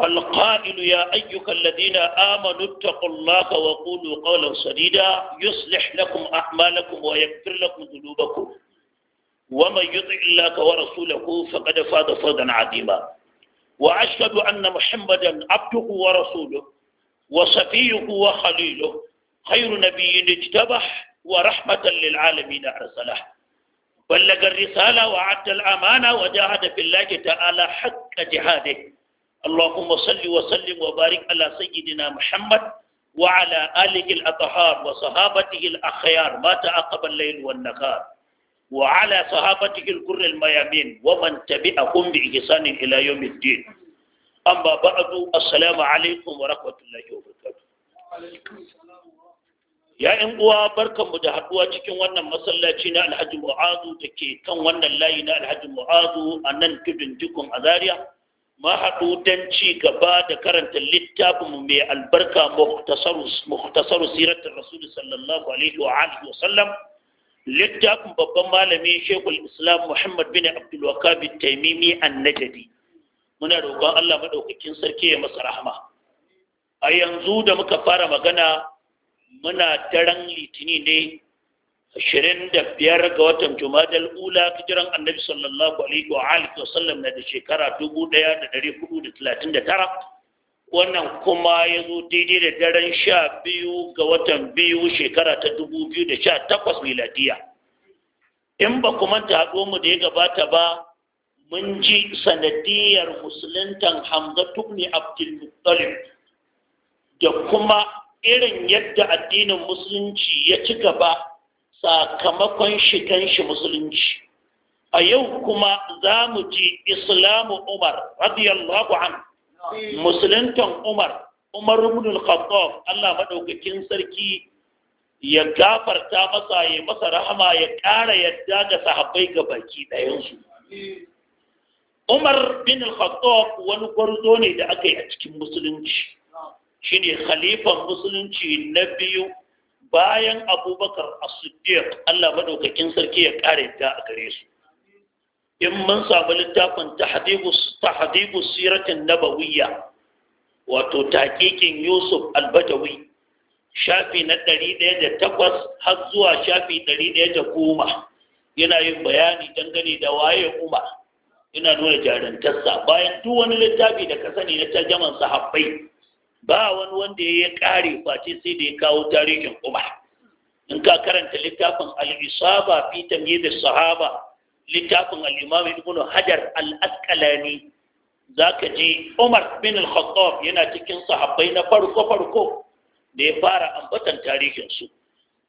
القائل يا أيها الذين آمنوا اتقوا الله وقولوا قولا سديدا يصلح لكم أعمالكم ويغفر لكم ذنوبكم ومن يطع الله ورسوله فقد فاز فوزا عظيما وأشهد أن محمدا عبده ورسوله وصفيه وخليله خير نبي اجتبح ورحمة للعالمين أرسله بلغ الرسالة وعد الأمانة وجاهد في الله تعالى حق جهاده اللهم صل وسلم وبارك على سيدنا محمد وعلى آله الأطهار وصحابته الأخيار ما تعقب الليل والنهار وعلى صحابته الكر الميامين ومن تبعهم بإحسان إلى يوم الدين أما بعد السلام عليكم ورحمة الله وبركاته ya ‘yan uwa barkanmu da haɗuwa cikin wannan masallaci na alhaji mu'azu da ke kan wannan layi na alhaji mu'azu a nan tudun dukun a zaria mahaɗutan ci gaba da karanta littafin mai albarka muhtasaru siratin rasul sallallahu alaihi wa alihi wa sallam littafin babban malami shekul islam muhammad bin abdul bin taimimi annajadi muna roƙon allah maɗaukakin sarki ya masa rahama a yanzu da muka fara magana muna daren litini ne ashirin da biyar ga watan jumadal ula hijiran annabi sallallahu alaihi wa alihi wasallam na da shekara dubu ɗaya da hudu da talatin da tara wannan kuma ya zo daidai da daren sha biyu ga watan biyu shekara ta dubu biyu da sha takwas miladiya in ba kuma haɗo mu da ya gabata ba mun ji sanadiyar musulunta hamza tubni Muttalib da kuma irin yadda addinin musulunci ya ci gaba sakamakon shigan shi musulunci a yau kuma za mu ji islamu umar radiyallahu an musuluntan umar umar ibn khattab Allah maɗaukakin sarki ya gafarta masa ya masa rahama ya ƙara yadda ga sahabbai ga baki ɗayansu umar bin khattab wani gwarzo ne da aka yi a cikin musulunci shine khalifan musulunci na biyu bayan abubakar as Allah maɗaukakin sarki ya kare ta a gare su in mun samu littafin ta hadibu siratin nabawiyya wato taqiqin yusuf al shafi na ɗari ɗaya da takwas, har zuwa shafi ɗari ɗaya da 110 yana yin bayani dangane da waye umar yana nuna jarantarsa bayan duk wani littafi da ka sani na tarjaman sahabbai ba wani wanda ya kare face sai da ya kawo tarihin umar in ka karanta littafin al-isaba fi da sahaba littafin al-imam ibn hajar al-asqalani zaka ji umar bin al-khattab yana cikin sahabbai na farko farko da ya fara ambatan tarihin su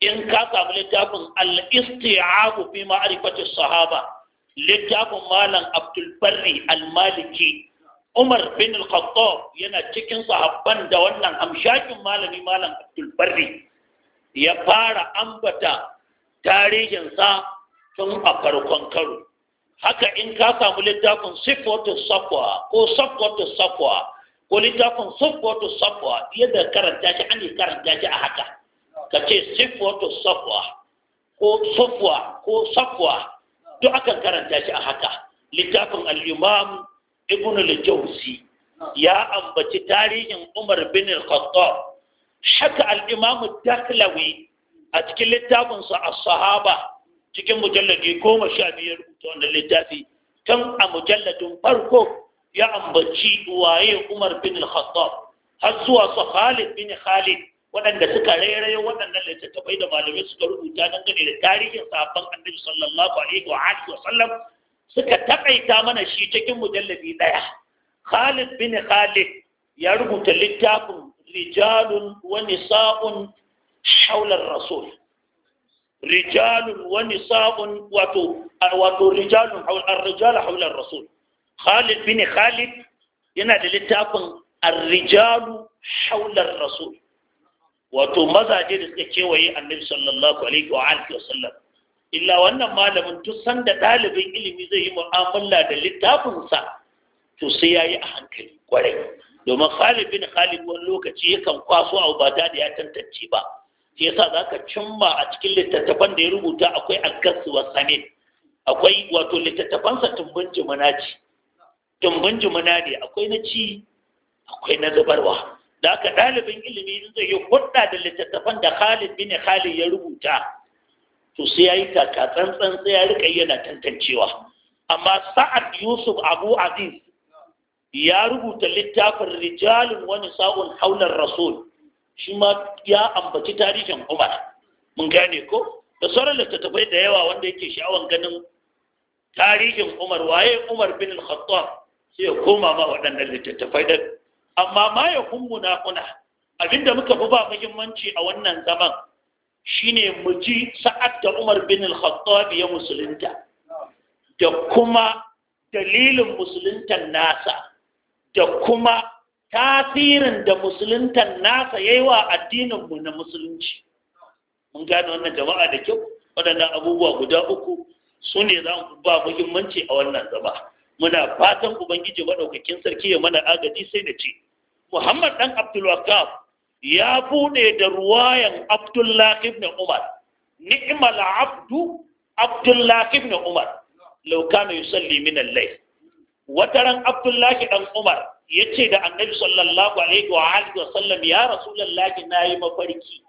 in ka samu littafin al-isti'abu fi ma'rifati sahaba littafin malam abdul barri al-maliki Umar bin al-Khattab yana cikin sahabban da wannan amshakin malami malam Abdul Barri ya fara ambata tarihinsa tun a farkon karo haka in ka samu littafin sifatu safwa ko safwatu safwa ko littafin sifatu safwa yadda karanta shi an yi karanta shi a haka ka ce sifatu safwa ko safwa ko safwa duk akan karanta shi a haka littafin al-imam ibn al-jawzi ya ambaci tarihin umar bin al-khattab haka al-imam ad a cikin littafin sa as-sahaba cikin mujalladi goma sha biyar rubuta wannan littafi kan a mujalladin farko ya ambaci waye umar bin al-khattab har zuwa su khalid bin khalid waɗanda suka rairayo waɗannan littattafai da malamai suka rubuta dangane da tarihin sahabban annabi sallallahu alaihi wa alihi wa sallam suka taƙaita mana shi cikin mujallabi ɗaya khalid bin khalid ya rubuta littafin rijalun wani sa'un haular rasul rijalun wani sa'un wato wato rijalun haular rasul khalid bin khalid yana da littafin ar-rijalu haular rasul wato mazaje da suka kewaye annabi sallallahu alaihi wa wa sallam illa wannan malamin san sanda ɗalibin ilimi zai yi mu'amala da littafinsa to sai ya yi a hankali kwarai domin Khalid bin wani lokaci yakan kwaso abu ba da ya tantance ba shi yasa ka cimma a cikin littattafan da ya rubuta akwai aggasu wa samin akwai wato littattafansa tumbin jimuna ce tumbin jimuna ne akwai na ci akwai na zubarwa da aka ɗalibin ilimi zai yi hudda da littattafan da Khalid bin Khalid ya rubuta to sai ya yi taka tsantsan sai ya rika yana tantancewa amma sa'ad yusuf abu aziz ya rubuta littafin rijalin wani sa'un haular rasul shi ma ya ambaci tarihin umar mun gane ko da sauran littattafai da yawa wanda yake sha'awan ganin tarihin umar waye umar bin al-khattab sai ya koma ma waɗannan littattafai da amma ma ya kuna abinda muka fi ba muhimmanci a wannan zaman shine mu ji sa'ad da Umar bin al-Khattab ya musulunta da kuma dalilin musuluntan nasa da kuma tasirin da musuluntan nasa yayi wa addinin na musulunci mun gane wannan jama'a da kyau waɗannan abubuwa guda uku su ne za mu ba muhimmanci a wannan zama muna fatan ubangiji maɗaukakin sarki ya mana agaji sai da ce muhammad ɗan abdulwakaf ya buɗe da ruwayan abdullahi ibn umar ni'mal abdu abdullahi ibn umar law kana yusalli min al-layl wataran abdullahi dan umar yace da annabi sallallahu alaihi wa alihi wa sallam ya Rasulullah nayi mafarki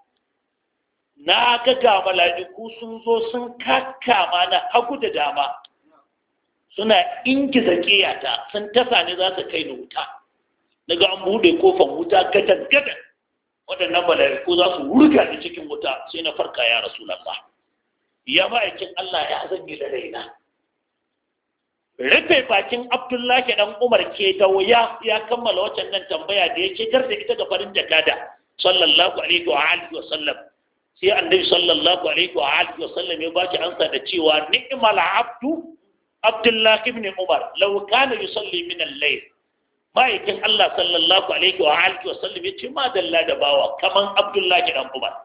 na ga ga mala'iku sun zo sun kakka mana hagu da dama suna ingiza kiyata sun tasa ne za su kai ni wuta daga an buɗe kofar wuta gadan gadan waɗannan mala'iku za su wurga da cikin wuta sai na farka ya rasu rasulullah ya ma'aikin Allah ya zanyi da raina rufe bakin abdullahi dan umar ke da wuya ya kammala wacan nan tambaya da ya shigar da ita ga farin jakada sallallahu alaihi wa alihi wa sallam sai annabi sallallahu alaihi wa alihi wa sallam ya baki ansa da cewa ni'mal abdu abdullahi ibn umar law kana yusalli min al-layl ma'aikin Allah sallallahu alaihi wa alihi wa sallam yace ma dalla da bawa kaman Abdullahi dan Umar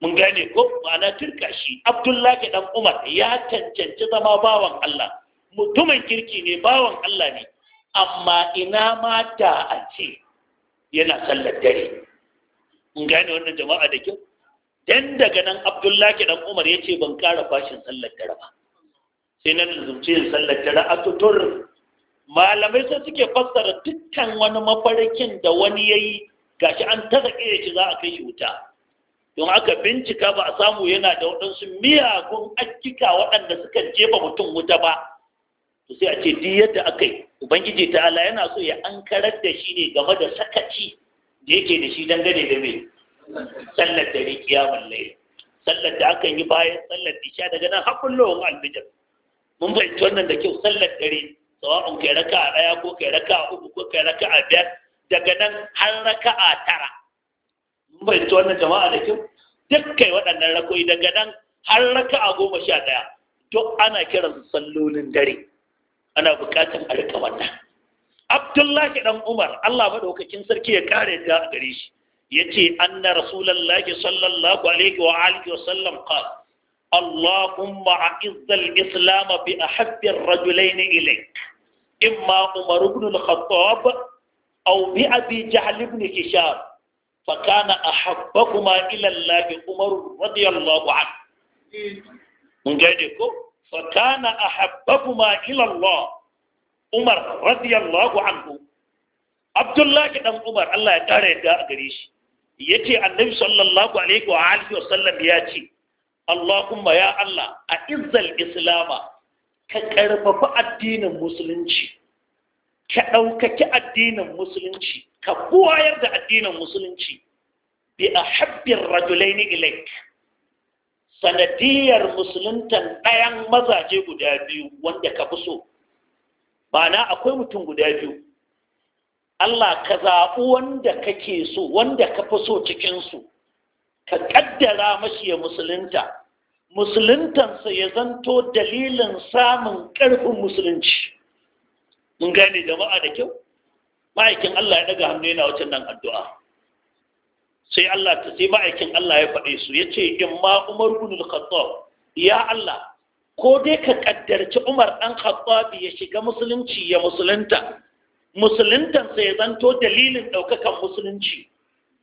mun gane ko ma'ana turka shi Abdullahi dan Umar ya cancanci zama bawan Allah mutumin kirki ne bawan Allah ne amma ina mata a ce yana sallar dare mun gane wannan jama'a da kyau dan daga nan Abdullahi dan Umar yace ban kara fashin sallar dare ba sai na zumce sallar dare a tutur malamai sai suke fassara dukkan wani mafarkin da wani ya yi gashi an taza ya shi za a kai shi wuta don aka bincika ba a samu yana da waɗansu miyagun akika waɗanda suka jefa mutum wuta ba to sai a ce duk yadda aka yi ubangiji ta ala yana so ya an karar da shi ne game da sakaci da yake da shi dangane da mai sallar da kiyamun layi sallar da akan yi bayan sallar isha daga nan hakullo wa albijar mun bai wannan da kyau sallar dare sawa'un kai raka a ɗaya ko kai raka a uku ko kai raka a biyar daga nan har raka a tara mun fahimci wannan jama'a da kyau duk kai waɗannan rakoyi daga nan har raka a goma sha ɗaya to ana kiran sallolin dare ana buƙatar a rika wannan abdullahi dan umar allah maɗaukakin sarki ya ƙare ta a gare shi ya ce anna rasulallahi sallallahu alaihi wa alihi wa sallam qala اللهم أعز الإسلام بأحب الرجلين إليك imma umar ibn al-khattab aw bi abi jahl ibn hisham fa kana ahabbakuma ila allah umar radiyallahu anhu mun gaide ko fa kana ahabbakuma ila allah umar radiyallahu anhu abdullahi dan umar Allah ya kare yadda a gare shi yace annabi sallallahu alaihi wa alihi wa sallam ya ce Allahumma ya Allah a izzal islama ka ƙarfafi addinin musulunci ka ɗaukaki addinin musulunci ka buwayar da addinin musulunci bi a habbin rajulaini ilaik sanadiyar musuluntan ɗayan mazaje guda biyu wanda ka fi so ba na akwai mutum guda biyu Allah ka zaɓi wanda kake so wanda ka fi so cikinsu ka ƙaddara mashi ya musulunta musuluntansa ya zanto dalilin samun ƙarfin musulunci mun gane jama'a da kyau ma'aikin Allah ya daga hannu yana wacin nan addu'a sai Allah ta sai ma'aikin Allah ya faɗe su ya ce in ma Umar ibn al ya Allah ko dai ka ƙaddarci Umar dan Khattab ya shiga musulunci ya musulunta musuluntansa ya zanto dalilin ɗaukakan musulunci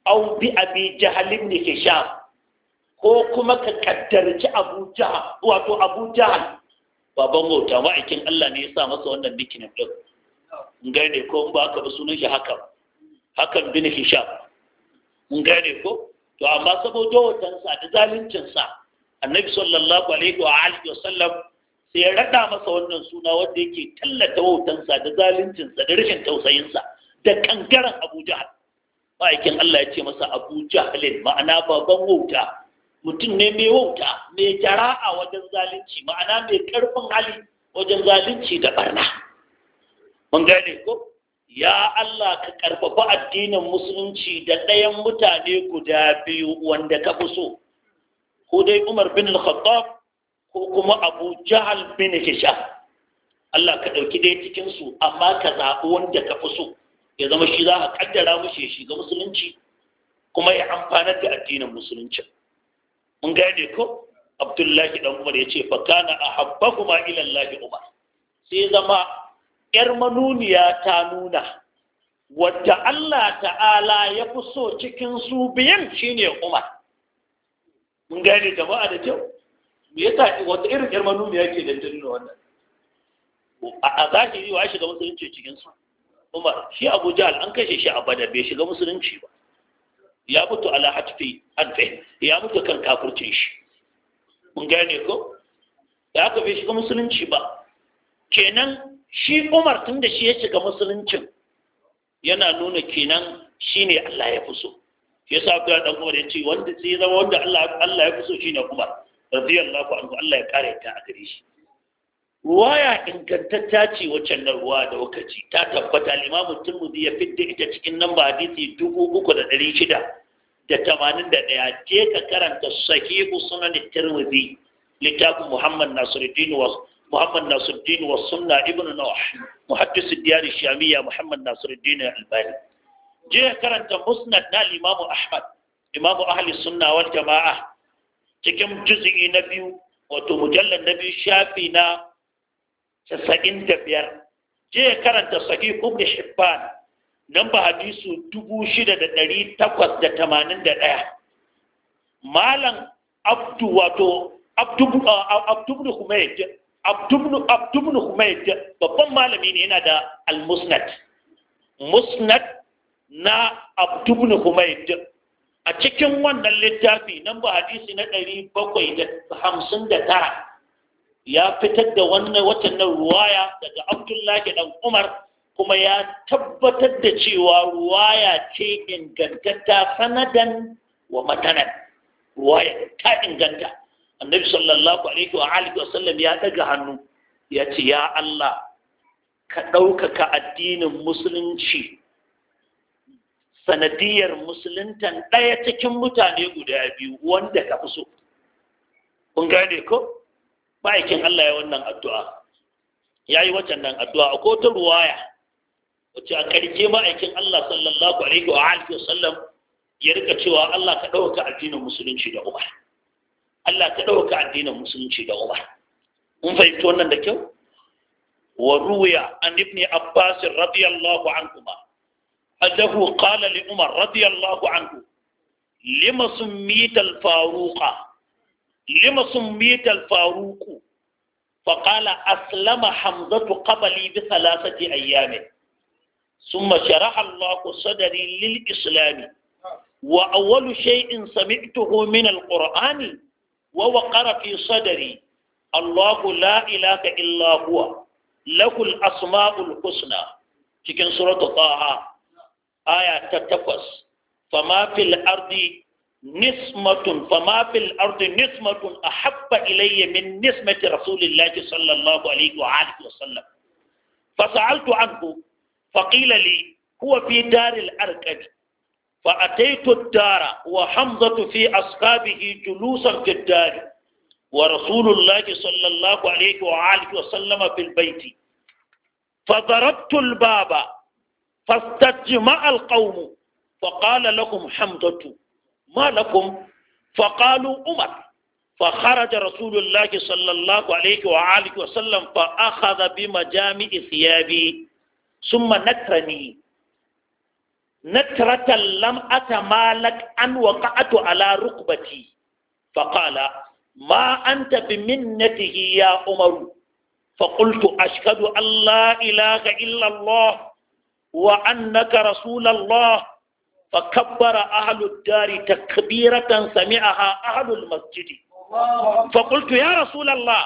au bi abi ne ke sha. ko kuma ka kaddarci abu jahal wato abu jahal baban wauta ma'aikin Allah ne ya sa masa wannan nickname din ngai ne ko in ba ka ba sunan shi haka hakan bin hisham ngai ne ko to amma saboda sa da zaluncinsa annabi sallallahu alaihi wa alihi wa sallam sai ya rada masa wannan suna wanda yake tallata wautan sa da zaluncinsa da rashin tausayin sa da kankaran abu jahal ma'aikin Allah ya ce masa abu jahalin ma'ana baban wauta mutum ne mai wauta mai a wajen zalunci ma'ana mai karfin hali wajen zalunci da barna mun gane ko ya Allah ka karfafa addinin musulunci da ɗayan mutane guda biyu wanda ka fi so ko dai Umar bin al-Khattab ko kuma Abu Jahal bin Hisham Allah ka ɗauki dai cikin amma ka zaɓi wanda ka fi so ya zama shi za ka kaddara mushe ya shiga musulunci kuma ya amfanar da addinin musulunci mun gane ko abdullahi dan umar ya ce fa kana ahabbahuma ila allahi umar sai zama yar manuniya ta nuna wadda Allah ta'ala ya fi so cikin su biyan shine umar mun gane jama'a da kyau me yasa wata irin yar manuniya ke da nuna wannan a zahiri wa shiga musulunci cikin su umar shi abu jahal an kashe shi a badar bai shiga musulunci ba ya mutu ala hatfi adve ya mutu kan kafurcin shi mun gane ko da aka bai shiga musulunci ba kenan shi umar tun da shi ya shiga musuluncin yana nuna kenan shine Allah ya fi so ya sa ka dan umar ya ce wanda sai zama wanda Allah ya fi so shine umar radiyallahu anhu Allah ya kare ta a gare shi waya ingantacciya ce waccan na ruwa da wakaci ta tabbata Limamu turmudi ya fidda ita cikin nan ba hadisi dubu uku da shida da tamanin da ɗaya je ka karanta sahihu sunan tirmidhi littafin muhammad nasiruddin wa muhammad nasiruddin wa sunna ibn nawh muhaddis diyar shamiya muhammad nasiruddin albani je ka karanta musnad na imam ahmad imam ahli sunna wal jama'a cikin juz'i na biyu wato mujallar na biyu shafi na casa'in da biyar je karanta sahih ibn hibban namba hadisu dubu shida da ɗari takwas da tamanin da ɗaya malam abdu wato abdubnu humaid babban malami ne yana da al-musnad musnad na abdubnu humaid a cikin wannan littafi nan ba hadisi na ɗari bakwai da hamsin da tara ya fitar da wannan watan ruwaya daga abdullahi ɗan umar kuma ya tabbatar da cewa ruwaya ce ingantatta sanadan wa matanan ruwaya ta inganta annabi sallallahu alaihi wa alihi wa sallam ya daga hannu ya ce ya Allah ka ɗaukaka addinin musulunci sanadiyar musuluntan ɗaya cikin mutane guda biyu wanda ka fi so kun gane ko ma'aikin Allah ya wannan addu'a ya yi wacan nan addu'a a ta ruwaya wacce a ƙarshe ma'aikin Allah sallallahu alaihi wa alihi wasallam ya rika cewa Allah ka ɗauka addinin musulunci da Umar Allah ka ɗauka addinin musulunci da Umar mun fahimci wannan da kyau wa ruwiya an ibn Abbas radiyallahu anhuma annahu qala li Umar radiyallahu anhu lima summita al-faruqa lima summita al-faruqu فقال أسلم حمزة قبلي بثلاثة أيام ثم شرح الله صدري للإسلام وأول شيء سمعته من القرآن ووقر في صدري الله لا إله إلا هو له الأسماء الحسنى تكن سورة طه آية تتفس فما في الأرض نسمة فما في الأرض نسمة أحب إلي من نسمة رسول الله صلى الله عليه وآله وسلم فسألت عنه فقيل لي هو في دار الأركب فأتيت الدار وحمزة في أصحابه جلوسا في الدار ورسول الله صلى الله عليه وآله وسلم في البيت فضربت الباب فاستجمع القوم فقال لهم حمزة ما لكم فقالوا عمر فخرج رسول الله صلى الله عليه وآله وسلم فأخذ بمجامع ثيابي ثم نترني نترة لم أتمالك أن وقعت على ركبتي فقال ما أنت بمنته يا عمر فقلت أشهد أن لا إله إلا الله وأنك رسول الله فكبر أهل الدار تكبيرة سمعها أهل المسجد فقلت يا رسول الله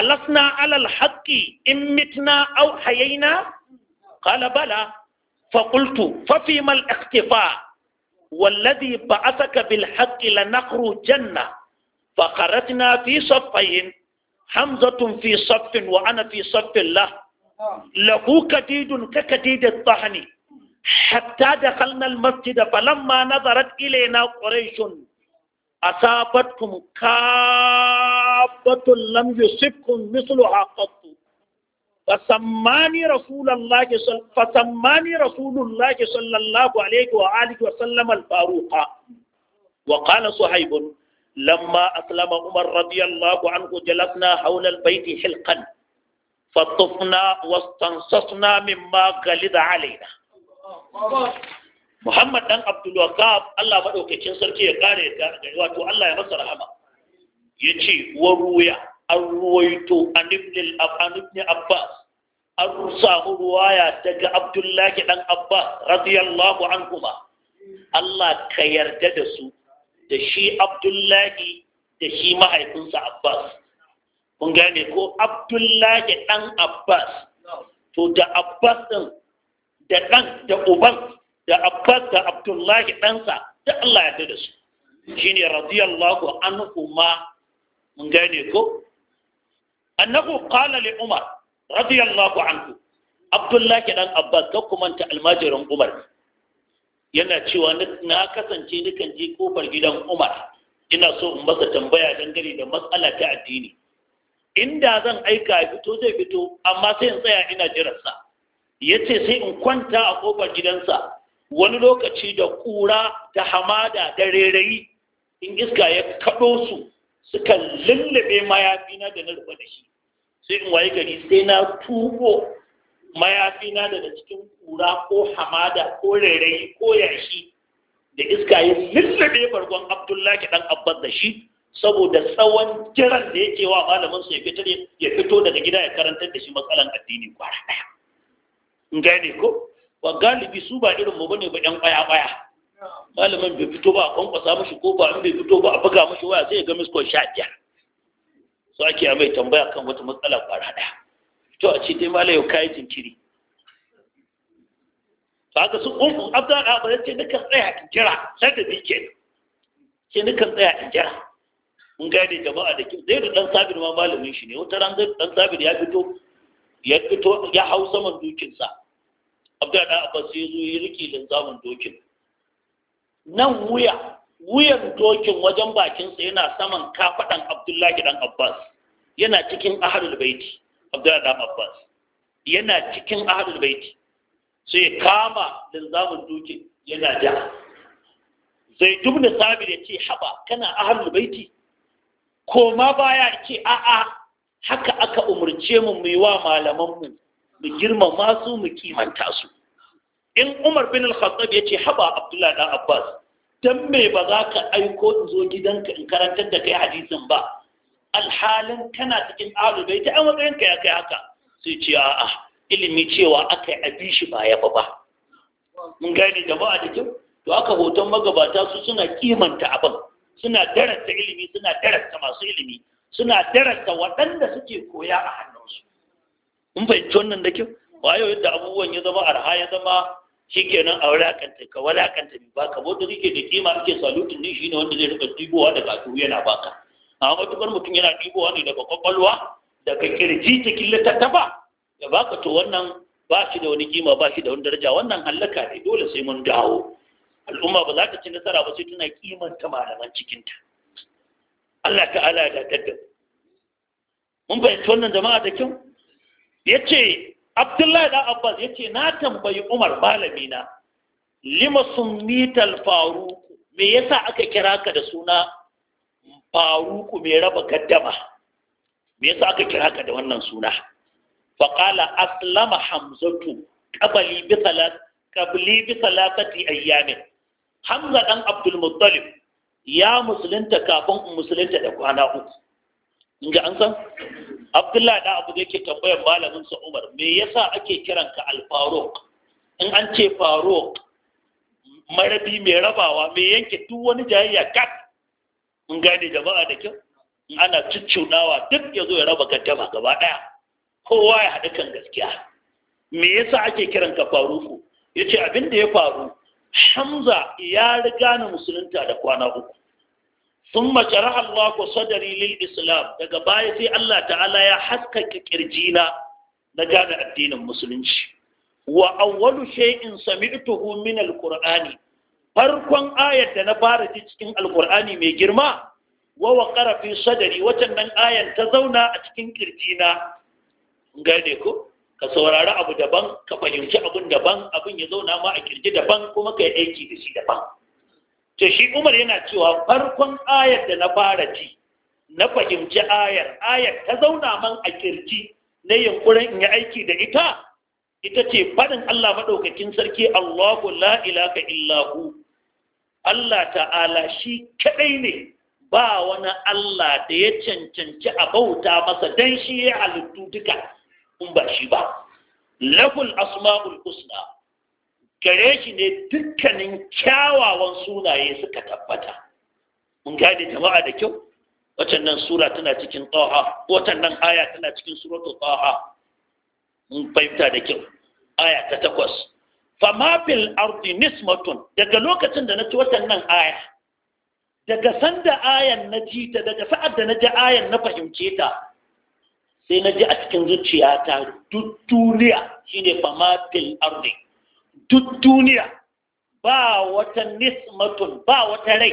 ألسنا على الحق إن متنا أو حيينا قال بلى فقلت ففيما الاختفاء والذي بعثك بالحق لنخرجن فخرجنا في صفين حمزة في صف وأنا في صف له له كديد ككديد الطحن حتى دخلنا المسجد فلما نظرت إلينا قريش أصابتكم كابة لم يصبكم مثلها قط فسماني رسول الله صل... فسماني رسول الله صلى الله عليه وآله وسلم الفاروق وقال صهيب لما أسلم عمر رضي الله عنه جلسنا حول البيت حلقا فطفنا واستنصصنا مما غلظ علينا Muhammad dan Abdul Wahab Allah madaukakin sarki ya kare ta wato Allah ya masa rahama yace wa ruya an ruwaito an ibn al-Abbas an samu ruwaya daga abdullahi dan abba radiyallahu anhuma Allah ka yarda da su da shi abdullahi da shi mahaifinsa abbas kun gane ko abdullahi Ɗan abbas to da abbas ɗin, da dan da uban da abbas da abdullahi ɗansa da Allah ya da su shi shine radiyallahu anhuma mun gane ko annahu qala li umar radiyallahu anhu abdullahi dan abbas ka ta almajirin umar yana cewa na kasance nukan je kofar gidan umar ina so in masa tambaya dangane da matsala ta addini inda zan aika ya fito zai fito amma sai in tsaya ina jiransa ya ce sai in kwanta a kofar gidansa wani lokaci da kura ta hamada da rairayi in iska ya kaɗo su sukan lullube mayafina da na rufe da shi sai in waye gari sai na tuko mayafina daga cikin kura ko hamada ko rairayi ko yashi da iska yi lullube farkon abdullahi dan abbas da shi saboda tsawon jiran da yake wa malamin su ya fito daga gida ya karanta da shi matsalan addini kwara daya in gane ko wa galibi su ba irin mu bane ba yan kwaya kwaya malamin bai fito ba a kwankwasa mashi ko ba in bai fito ba a buga mashi waya sai ya ga miskon sha biyar so ake ya mai tambaya kan wata matsala kwara ɗaya to a ce dai malayo kayi jinkiri to haka sun ummu abda a ba ce nika tsaya in jira sai da bike ce nika tsaya in jira mun gane jama'a da kyau zai da ɗan sabir ma malamin shi ne wata ran zai ɗan sabir ya fito ya fito ya hau saman dukinsa abda da sai ya zo ya rike zaman dokin nan wuya wuyan dokin wajen bakinsa yana saman kafaɗan abdullahi dan abbas yana cikin ahalul baiti abdullahi dan abbas yana cikin ahalul baiti sai kama linzamin dokin yana ja zai dubna sabi da ce haba kana ahalul baiti ko ma baya ce a'a haka aka umarce mu mu yi wa malamanmu mu girmama su mu kimanta su in umar bin al-khattab ya ce haba abdullahi dan abbas dan me ba za ka aiko in zo gidanka in karantar da kai hadisin ba alhalin kana cikin alubai ta a matsayin ka ya kai haka sai ce a'a ilimi cewa aka yi abishi shi ba ya ba ba mun gane ba a jikin? to aka hoton magabata su suna kimanta abin suna darasta ilimi suna darasta masu ilimi suna darasta waɗanda suke koya a hannunsu in fahimci wannan da kyau ba yau yadda abubuwan ya zama arha ya zama shikenan a walakanta ka ne ba ka wanda kake da kima kake salutin din shine wanda zai rika dibowa daga to yana baka amma matukar mutum yana dibowa ne daga kwakwalwa daga kirji ta Da ya baka to wannan ba shi da wani kima ba shi da wani daraja wannan hallaka ne dole sai mun dawo al'umma ba za ta ci nasara ba sai tana kimanta malaman cikinta Allah ta'ala da daddaba mun fahimci wannan jama'a da kyau yace abdullahi da abbas ya ce na tambayi umar malamina, na lima summital faruku me yasa aka kira ka da suna faruku mai raba gaddama me yasa aka kira ka da wannan suna faƙala aslama hamzatu ƙabali bi kabli bi ayyamin hamza ɗan abdul ya musulunta kafin musulunta da kwana uku inga an san abdullah da abu yake tambayar malamin sa umar me yasa ake kiranka alfaruk in an ce Faruq marabi mai rabawa mai yanke duk wani jayayya kat in gane jama'a da kyau ana cuccunawa duk ya zo ya raba gaddama gaba ɗaya kowa ya haɗu kan gaskiya me yasa ake kiranka faruku ya ce abin da ya faru hamza ya riga na musulunta da kwana uku sun mace Allah ku sadari lil Islam daga baya sai Allah ta'ala ya haskaka kirjina na gane addinin musulunci wa awwalu shay'in sami'tuhu min al-Qur'ani farkon ayar da na fara ji cikin alkur'ani mai girma wa waqara fi sadari, watan nan ayar ta zauna a cikin kirjina gane ko ka saurari abu daban ka fahimci abun daban abun ya zauna ma a kirji daban kuma ka yi aiki da shi daban ce shi umar yana cewa farkon ayar da na fara ci na fahimci ayar ayar ta zauna man a kirji na yunkurin in yi aiki da ita ita ce faɗin Allah maɗaukakin sarki Allahu la ilaka illahu Allah ta'ala shi kaɗai ne ba wani Allah da ya cancanci a bauta masa don shi ya halittu duka in ba shi ba lahul asma'ul husna gare shi ne dukkanin kyawawan sunaye suka tabbata mun gane jama'a da kyau watannan sura tana cikin tsaha watannan aya tana cikin suratul tsoha mun fahimta da kyau aya ta takwas fama fil ardi nismatun daga lokacin da na ci watannan aya daga sanda ayan na ji ta daga sa'ad da na ji ayan na fahimce ta sai na ji a cikin zuciyata duk duniya shine fama fil ardi duk duniya ba wata nismatun ba wata rai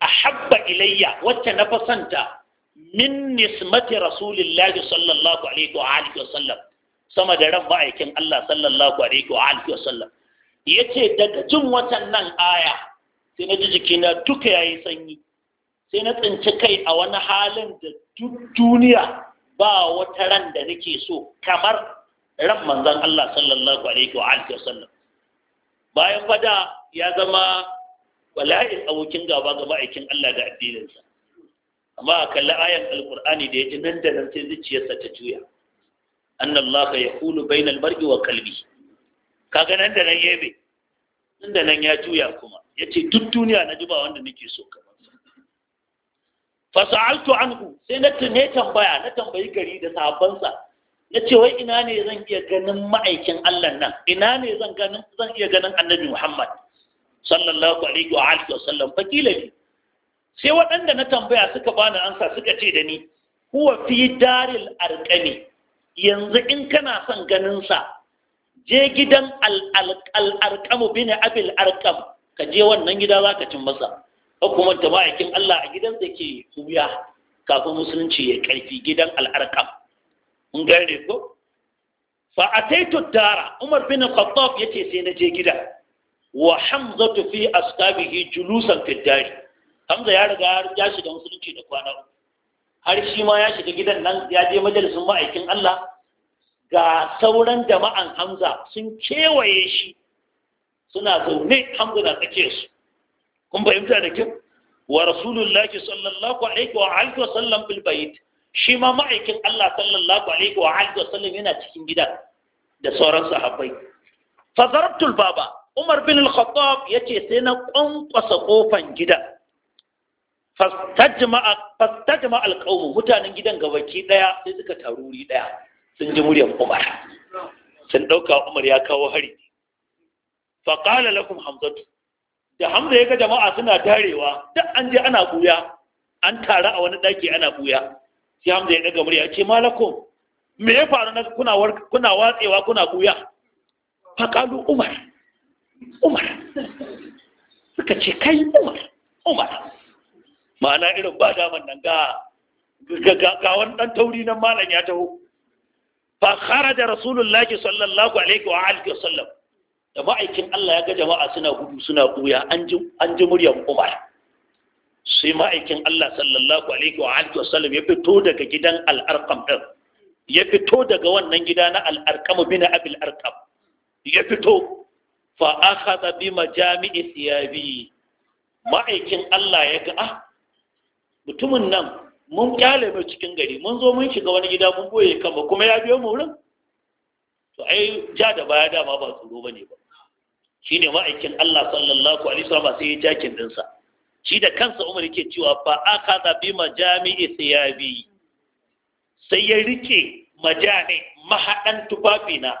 a habba ilayya wacce na fasanta min nismati rasulillahi sallallahu alaihi wa alihi wa sallam sama da ran ma'aikin Allah sallallahu alaihi wa alihi wa sallam yace daga jin watannan aya sai na ji jikina duka yayi sanyi sai na tsinci kai a wani halin da duk duniya ba wata ran da nake so kamar ran manzon Allah sallallahu alaihi wa alihi wa sallam bayan fada ya zama bala'in abokin gaba ga ma'aikin Allah da addininsa amma a kalli ayan alkur'ani da ya ji nan da nan sai zuciyarsa ta juya anna Allah ya bai bainal mar'i wa kalbi kaga nan da nan yayi nan da nan ya juya kuma yace duk duniya na ji ba wanda nake so kamar sa fasa'altu anhu sai na tune tambaya na tambayi gari da sahabbansa na ce wai ina ne zan iya ganin ma'aikin Allah nan ina ne zan ganin zan iya ganin annabi Muhammad sallallahu alaihi wa alihi wasallam fakila ne sai waɗanda na tambaya suka bani ansa suka ce da ni huwa fi daril arqami yanzu in kana son ganin sa je gidan al arqamu bin abil arqam ka je wannan gida zaka cin masa Hukumar ta ma'aikin Allah a gidan da ke wuya kafin musulunci ya karfi gidan al arqam mun ko fa ataitu dara umar bin khattab yace sai na je gida wa hamzatu fi ashabihi julusan fi hamza ya riga ya shiga musulunci da kwana har shi ma ya shiga gidan nan ya je majalisin ma'aikin Allah ga sauran jama'an hamza sun kewaye shi suna zaune hamza na tsake su kun fahimta da kyau wa rasulullahi sallallahu alaihi wa alihi wa sallam bil bait shi ma ma'aikin Allah sallallahu alaihi wa alihi wa sallam yana cikin gida da sauran sahabbai fa zarabtul baba Umar bin al-Khattab yace sai na kwankwasa kofan gida. fastajma fastajma al-qawm mutanen gidan gabaki daya sai suka taruri daya sun ji muryar Umar sun dauka Umar ya kawo hari fa qala lakum hamzatu da hamza ya ga jama'a suna tarewa duk an je ana buya an tare a wani daki ana buya siyam da ya daga murya ce malako me ya faru na kuna kuna watsewa kuna kuya faqalu umar umar suka ce kai umar umar ma'ana irin ba daman nan ga ga wani dan tauri nan malam ya taho fa kharaja rasulullahi sallallahu alaihi wa alihi wasallam da ma'aikin Allah ya ga jama'a suna gudu suna kuya an ji an ji muryar umar sai ma'aikin Allah sallallahu alaihi wa alihi wasallam ya fito daga gidan al'arqam din ya fito daga wannan gida na al'arqam bin abil arqam ya fito fa akhadha bi majami'i thiyabi ma'aikin Allah ya ga ah mutumin nan mun kyale mai cikin gari mun zo mun shiga wani gida mun boye kanmu kuma ya biyo mu wurin to ai ja da baya dama ba tsoro bane ba shine ma'aikin Allah sallallahu alaihi wa sallam sai ya jakin dinsa shi da kansa umar yake cewa ba a akhadha bi majami'i thiyabi sai ya rike majami mahadan tufafina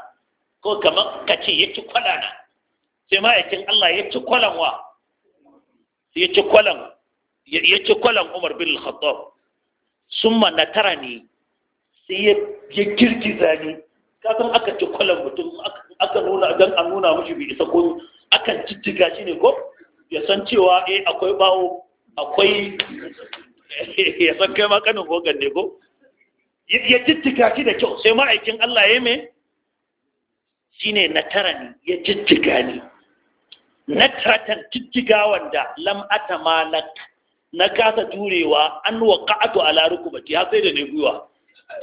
ko kamar kace ya ci kwalana sai ma'aikin Allah ya ci kwalan wa ya ci kwalan ya ci kwalan Umar bin Al-Khattab summa natarani sai ya girgiza ni kafin aka ci kwalan mutum aka nuna dan an nuna mishi bi isa ko akan jijjiga shi ne ko ya san cewa eh akwai bawo akwai ya san kai ma kanin gogan ne ko ya jittika shi da kyau sai ma'aikin Allah ya mai shi ne na tara ni ya jittika ni na taratan jittika wanda lam'ata atamalak na kasa jurewa an waƙa'atu a laruku baki har sai da ne gwiwa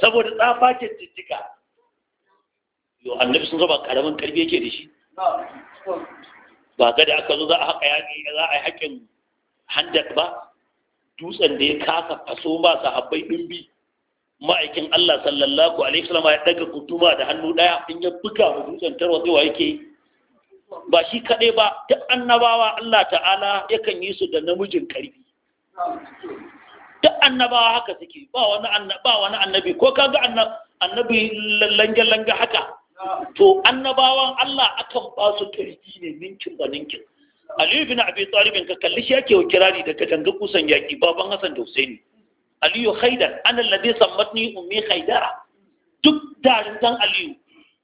saboda tsafa ke jittika yo annabi sun zaba karamin karfi yake da shi ba ga da aka zo za a haƙa yaƙi za a yi haƙin handak ba dutsen da ya kasa faso ba sahabbai ɗumbi ma'aikin Allah sallallahu alaihi wasallam ya daga kutuma da hannu daya in ya buga mu dutsen tarwatsewa yake ba shi kaɗai ba duk annabawa Allah ta'ala yakan yi su da namijin karfi duk annabawa haka suke ba wani annabi ko kaga annabi lange lange haka to annabawan Allah akan ba su kirji ne ninkin ba ninkin Aliyu bin Abi Talib ka kalli shi yake kirari daga tanga kusan yaki baban Hassan da Husaini Aliyu Haidar an alladhi sammatni ummi Haidara duk darin dan Aliyu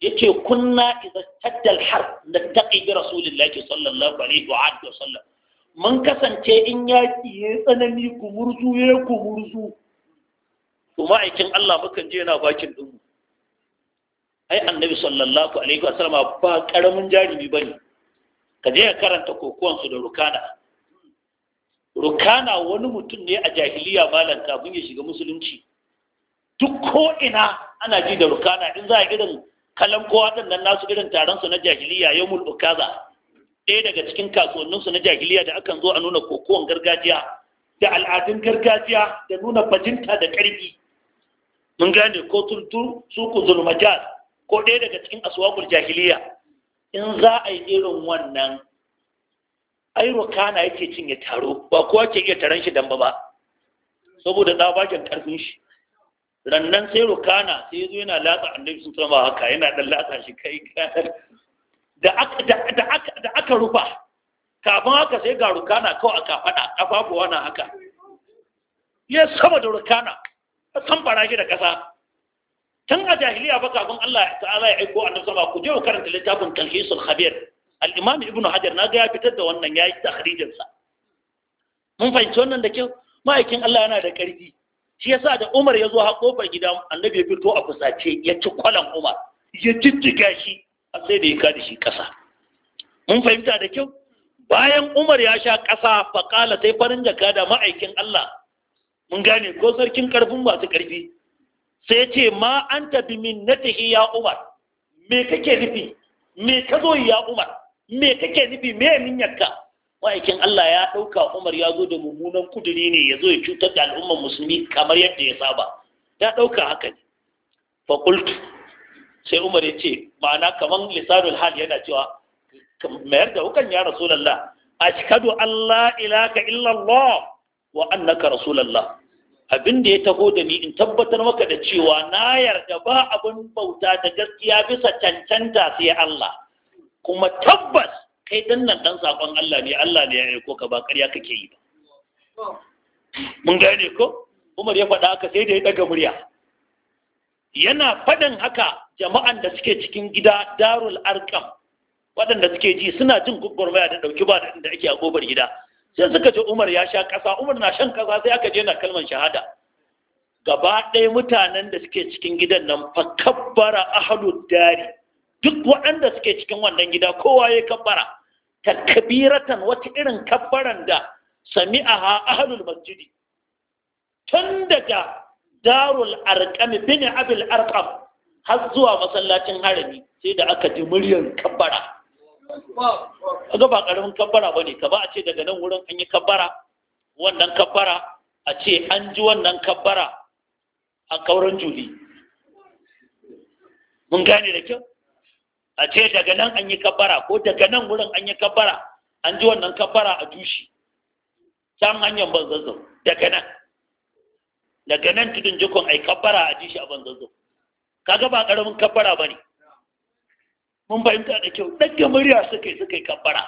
yake kunna idza tadda al da taqi bi rasulillahi sallallahu alaihi wa alihi wa sallam mun kasance in yaki ya tsanani kumurzu ya kumurzu Kuma aikin Allah mukan je yana bakin dinmu ai annabi sallallahu alaihi wa wasallam ba karamin jarumi bane ka je ka karanta kokuwansu da rukana rukana wani mutum ne a jahiliya malam kafin ya shiga musulunci duk ko ina ana ji da rukana in za a irin kalan kowa din nan nasu irin taron su na jahiliya yawmul ukaza ɗaya daga cikin kasuwannin su na jahiliya da akan zo a nuna kokuwan gargajiya da al'adun gargajiya da nuna bajinta da ƙarfi mun gane ko tuntu suku zulmajal ko ɗaya daga cikin aswaqul jahiliya in za a yi irin wannan ai rukana yake cinye taro ba kowa ke iya taron shi damba ba saboda tsabagen karfin shi rannan sai rukana sai zo yana latsa annabi sun tsama haka yana dan latsa shi kai da aka da aka da aka rufa kafin haka sai ga rukana kawai aka fada kafafuwa na haka ya sama da rukana san bara shi da kasa tun a jahiliya ba kafin Allah ta'ala ya aiko annabi sama ku je ku karanta littafin talhisul khabir al-imam ibnu hajar na ga ya fitar da wannan yayi takhrijin sa mun fahimci wannan da kyau ma'aikin Allah yana da karfi shi yasa da Umar ya zo ha kofar gida annabi ya fito a fusace ya ci kwalan Umar ya jijjiga shi a sai da ya kada shi kasa mun fahimta da kyau bayan Umar ya sha kasa kala sai farin jaka da ma'aikin Allah mun gane ko sarkin karfin masu karfi sai ce ma an tafi min na ya umar me kake nufi me ka zo ya umar me kake nufi me minyarka ma'aikin Allah ya ɗauka umar ya zo da mummunan kuduri ne ya zo ya cutar da al'ummar musulmi kamar yadda ya saba ya ɗauka haka ne fakultu sai umar ya ce ma'ana kamar lisanul hal yana cewa mayar da hukan ya rasulallah ashhadu an la ilaka illallah wa annaka rasulallah abin da ya taho da ni in tabbatar maka da cewa na yarda ba abin bauta da gaskiya bisa cancanta sai Allah kuma tabbas kai dan nan dan sakon Allah ne Allah ne ya aiko ka ba ƙarya kake yi ba mun gane ko Umar ya faɗa haka sai da ya daga murya yana faɗin haka jama'an da suke cikin gida Darul Arqam waɗanda suke ji suna jin gurgurmaya da dauki ba da ake a gobar gida sai suka ce umar ya sha ƙasa umar na shan ƙasa sai aka je na kalmar shahada gaba ɗaya mutanen da suke cikin gidan nan fa kabbara ahlu dari duk waɗanda suke cikin wannan gida kowa ya kabbara takbiratan wata irin kabbaran da sami'aha ahlul masjidi tun daga darul arqam bin abil arqam har zuwa masallacin harami sai da aka ji muryar kabbara kaga ba ƙaramin kabbara ne ka ba a ce daga nan wurin an yi kabbara wannan kabbara a ce an ji wannan kabbara a ƙaurin juli mun gane da kyau a ce daga nan an yi kabbara ko daga nan wurin an yi kabbara an ji wannan kabbara a dushi can hanyar banzazzau daga nan daga nan tudun jikon ai kabbara a dushi a banzazzau kaga ba ƙaramin kabbara ne mun fahimta da kyau daga murya suka yi suka kabbara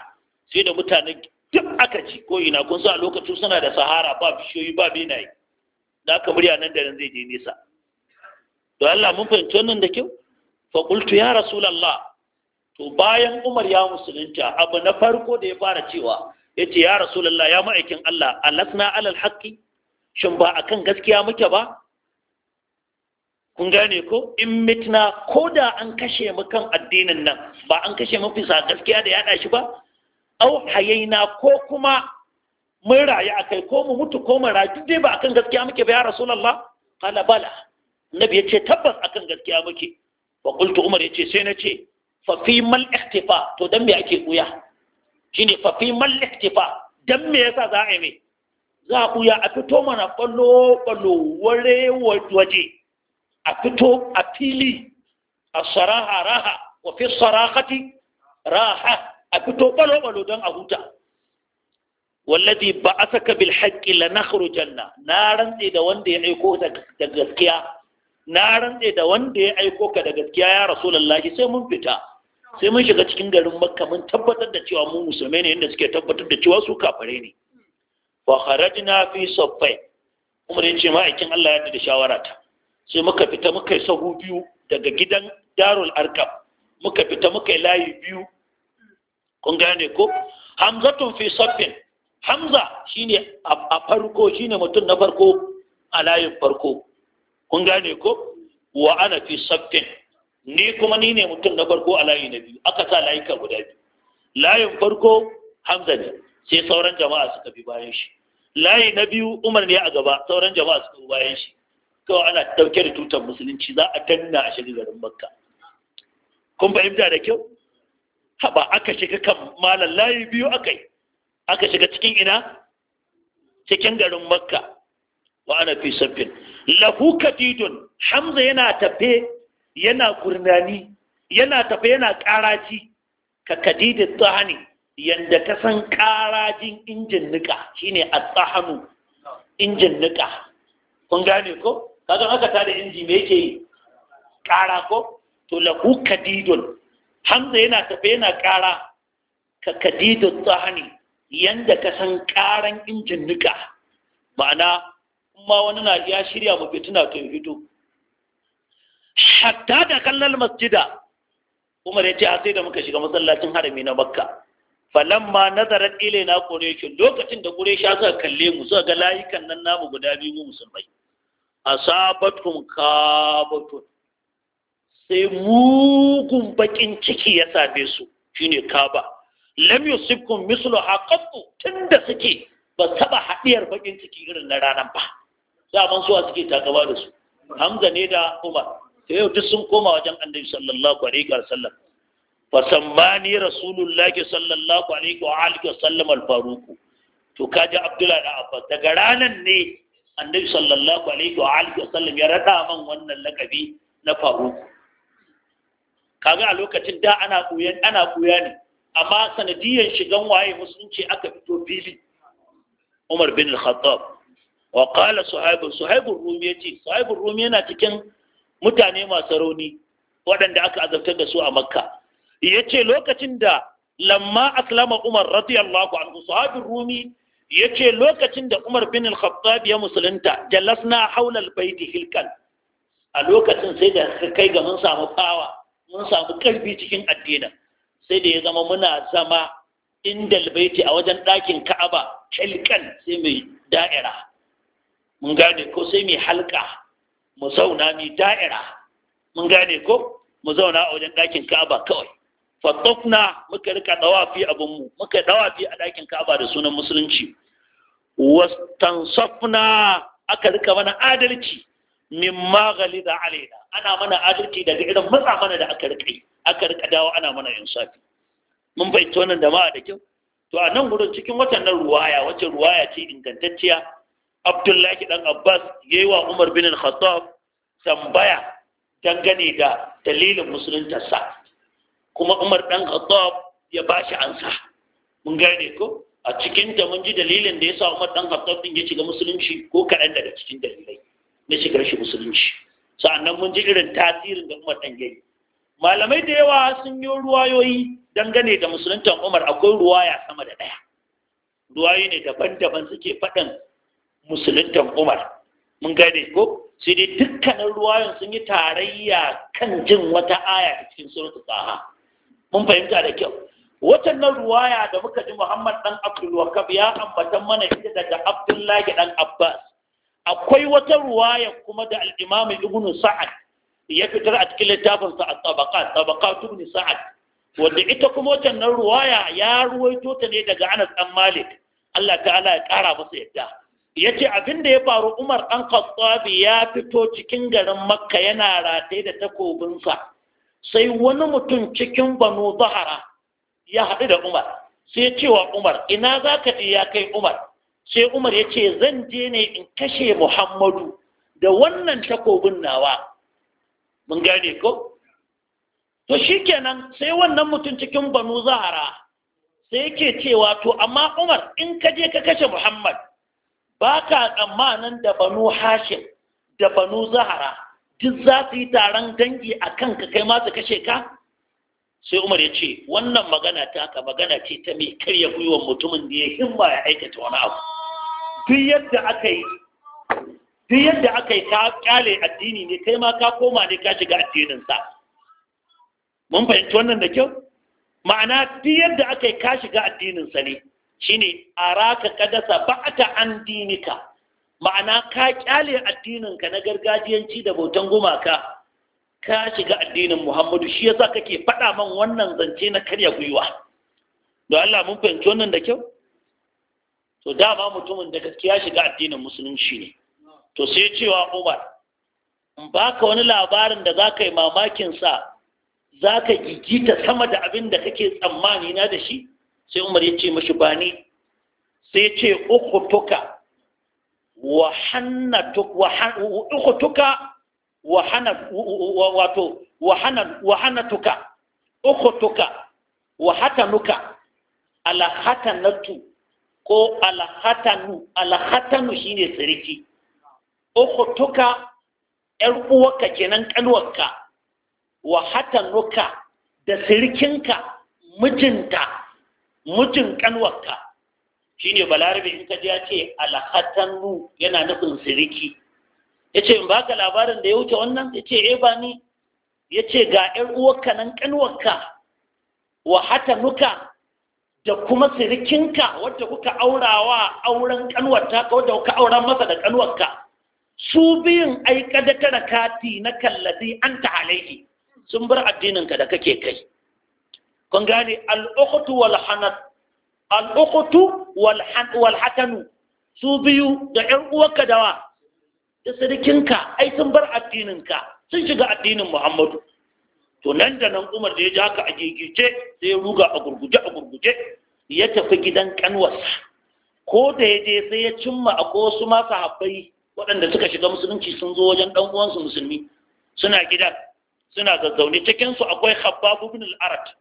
sai da mutane duk aka ci ko ina kun sa lokacin suna da sahara ba bishiyoyi ba benaye da aka murya nan da nan zai je nesa to Allah mun fahimci wannan da kyau fa qultu ya rasulullah to bayan Umar ya musulunta abu na farko da ya fara cewa yace ya rasulullah ya ma'aikin Allah alasna alal haqqi shin ba akan gaskiya muke ba kun gane ko in mitna ko da an kashe mu kan addinin nan ba an kashe mu bisa gaskiya da yaɗa shi ba au hayaina ko kuma mun rayu akai ko mu mutu ko mu rayu dai ba akan gaskiya muke ba ya rasulullah qala bala annabi yace tabbas akan gaskiya muke fa qultu umar yace sai na ce fa fi mal ihtifa to dan me ake kuya shine fa fi mal ihtifa dan me yasa za a yi me za a kuya a fito mana ballo ballo ware waje a fito a fili a saraha raha wa fi sarakati raha a fito balo-balo don a huta wallazi ba a saka bil haƙƙi la na janna na rantse da wanda ya aiko da gaskiya na rantse da wanda ya aiko ka da gaskiya ya rasulullahi sai mun fita sai mun shiga cikin garin makka mun tabbatar da cewa mu musulmai ne inda suke tabbatar da cewa su kafare ne kare kharajna fi saffai kuma ya ce ma'aikin Allah ya da shawara ta sai muka fita muka yi sahu biyu daga gidan darul arkam muka fita muka yi layi biyu kun gane ko hamzatun fi saffin hamza shine a farko shine mutum na farko a layin farko kun gane ko wa ana fi saffin ni kuma ni ne mutum na farko a layi na biyu aka sa layuka guda biyu layin farko hamza ne sai sauran jama'a suka bi bayan shi layi na biyu umar ne a gaba sauran jama'a suka bi bayan shi kawai ana dauke da tutar musulunci za a tanna a shirin garin makka kun fahimta da kyau haba aka shiga kan malam layi biyu aka yi aka shiga cikin ina cikin garin makka wa ana fi sabbin lahu kadidun hamza yana tafe yana gurnani yana tafe yana karaci ka kadidin tsahani yanda ka san karajin injin nika shine a tsahanu injin nika kun gane ko ka aka tada inji me yake yi kara ko to lahu kadidun hamza yana tafe yana kara ka kadidun tsahani yanda ka san karan injin nika ma'ana kuma wani na ya shirya mu fitina to fito hatta da kallal masjida umar ya ce a sai da muka shiga masallacin harami na makka falamma nazarat ilaina quraish lokacin da quraish suka kalle mu suka ga layukan nan namu guda biyu musulmai asabatkum kabatun sai mugun bakin ciki ya same su shine kaba lam yusibkum mislu haqqu tunda suke ba taba hadiyar bakin ciki irin na ranar ba daman suwa suke takaba da su hamza ne da umar sai yau duk sun koma wajen annabi sallallahu alaihi wa sallam fa sammani rasulullahi sallallahu alaihi wa alihi wa sallam al faruq to kaji abdullahi da abbas daga ranan ne annabi sallallahu alaihi wa alihi wasallam ya rada man wannan lakabi na faru kaga a lokacin da ana koyan ana koya ne amma sanadiyan shigan waye musulunci aka fito fili Umar bin Al-Khattab wa qala Suhaib Suhaib Rumi yace Suhaib Rumi yana cikin mutane masu rauni waɗanda aka azabtar da su a Makka yace lokacin da lamma aslama Umar radiyallahu anhu Suhaib Rumi ce lokacin da Umar bin al-Khattab ya musulunta jalasna haula al-baiti hilkan a lokacin sai da kai ga mun samu fawa mun samu karfi cikin addinin sai da ya zama muna zama inda albaiti a wajen ɗakin ka'aba hilkan sai mai da'ira mun gane ko sai mai halka mu zauna mai da'ira mun gane ko mu zauna a wajen ɗakin ka'aba kawai fatofna muka rika dawafi abinmu muka dawafi a ɗakin kaba da sunan musulunci wastansafna aka rika mana adalci min magali da alaina ana mana adalci daga irin matsa mana da aka rika aka rika dawo ana mana safi. mun bai tonan da ma da kyau to a nan gudun cikin watan ruwaya wacce ruwaya ce ingantacciya abdullahi dan abbas yayi wa umar bin al-khattab tambaya dangane da dalilin musuluntarsa kuma umar ɗan khattab ya ba shi ansa mun gane ko a cikin ta mun ji dalilin da ya sa umar ɗan khattab ɗin ya shiga musulunci ko kaɗan daga cikin dalilai na shigar shi musulunci sa'annan mun ji irin tasirin da umar ɗan yayi malamai da yawa sun yi ruwayoyi dangane da musuluntan umar akwai ruwaya sama da ɗaya ruwayoyi ne daban-daban suke faɗan musuluntan umar mun gane ko sai dai dukkanin ruwayon sun yi tarayya kan jin wata aya cikin suratul taha mun fahimta da kyau watannan ruwaya da muka ji Muhammad dan Abdul ya ambata mana ita daga Abdullahi dan Abbas akwai wata ruwaya kuma da al-Imam Ibn Sa'ad ya fitar a cikin littafin sa at-Tabaqat Tabaqat Ibn Sa'ad wanda ita kuma watannan ruwaya ya ruwaito ta ne daga Anas dan Malik Allah ta'ala ya kara masa yadda yace abin da ya faru Umar dan Khattabi ya fito cikin garin Makka yana rataye da takobinsa sai wani mutum cikin banu zahara ya haɗu da umar sai ya cewa umar ina za ka je ya kai umar sai umar ya ce zan je ne in kashe muhammadu da wannan takobin nawa mun gane ko to shikenan sai wannan mutum cikin banu zahara sai yake cewa to amma umar in ka je ka kashe muhammad baka ka tsammanin da banu hashim da banu zahara duk za su yi taron dangi a kan ka kai masu kashe ka sai umar ya ce wannan magana ta ka magana ce ta mai karya gwiwar mutumin da ya himma ya aikata wani abu duk yadda aka yi duk yadda aka yi ka kyale addini ne kai ma ka koma ne ka shiga addininsa. mun fahimci wannan da kyau ma'ana duk yadda aka yi ka shiga addininsa ne shine araka kadasa ta an dinika ma'ana ka kyale addininka na gargajiyanci da bautan gumaka ka shiga addinin muhammadu shi yasa kake faɗa man wannan zance na karya gwiwa don allah mun fahimci wannan da kyau to dama mutumin da gaskiya shiga addinin musulunci ne to sai cewa umar in baka wani labarin da zaka yi mamakin sa zaka gigita sama da abin da kake tsammani na da shi sai umar ya ce mashi bani sai ce uku tuka wahanatuka ukutuka wahatanuka alhatanatu ko alhatanu alhatanu shine siriki ukutuka ‘yar uwarka kenan ƙanwarka wahatanuka, da sirikinka mijinta mijin ƙanwarka shine balarabe in ka ya ce alhatanu yana nufin siriki ya ce in ka labarin da ya wuce wannan ya ce e ba ni ya ce ga ‘yan uwarka nan ƙanwarka wa hatanuka da kuma sirikinka wadda kuka aurawa auren ƙanwarta ka wadda kuka auren masa da ƙanwarka su biyun ai kadakara kati na kallazi an ta halayi sun bar addininka da kake kai kun gane al'ukhtu wal hanat al'ukutu walhatanu su biyu da ‘yan uwarka dawa da sarkinka ai sun bar addininka sun shiga addinin muhammadu to nan da nan umar da ya ji haka a gigice sai ya ruga a gurguje a gurguje ya tafi gidan kanwarsa ko da ya je sai ya cimma a su masu habbai waɗanda suka shiga musulunci sun zo wajen ɗan uwansu musulmi suna gidan suna zazzaune cikinsu akwai habbabu bin al'arat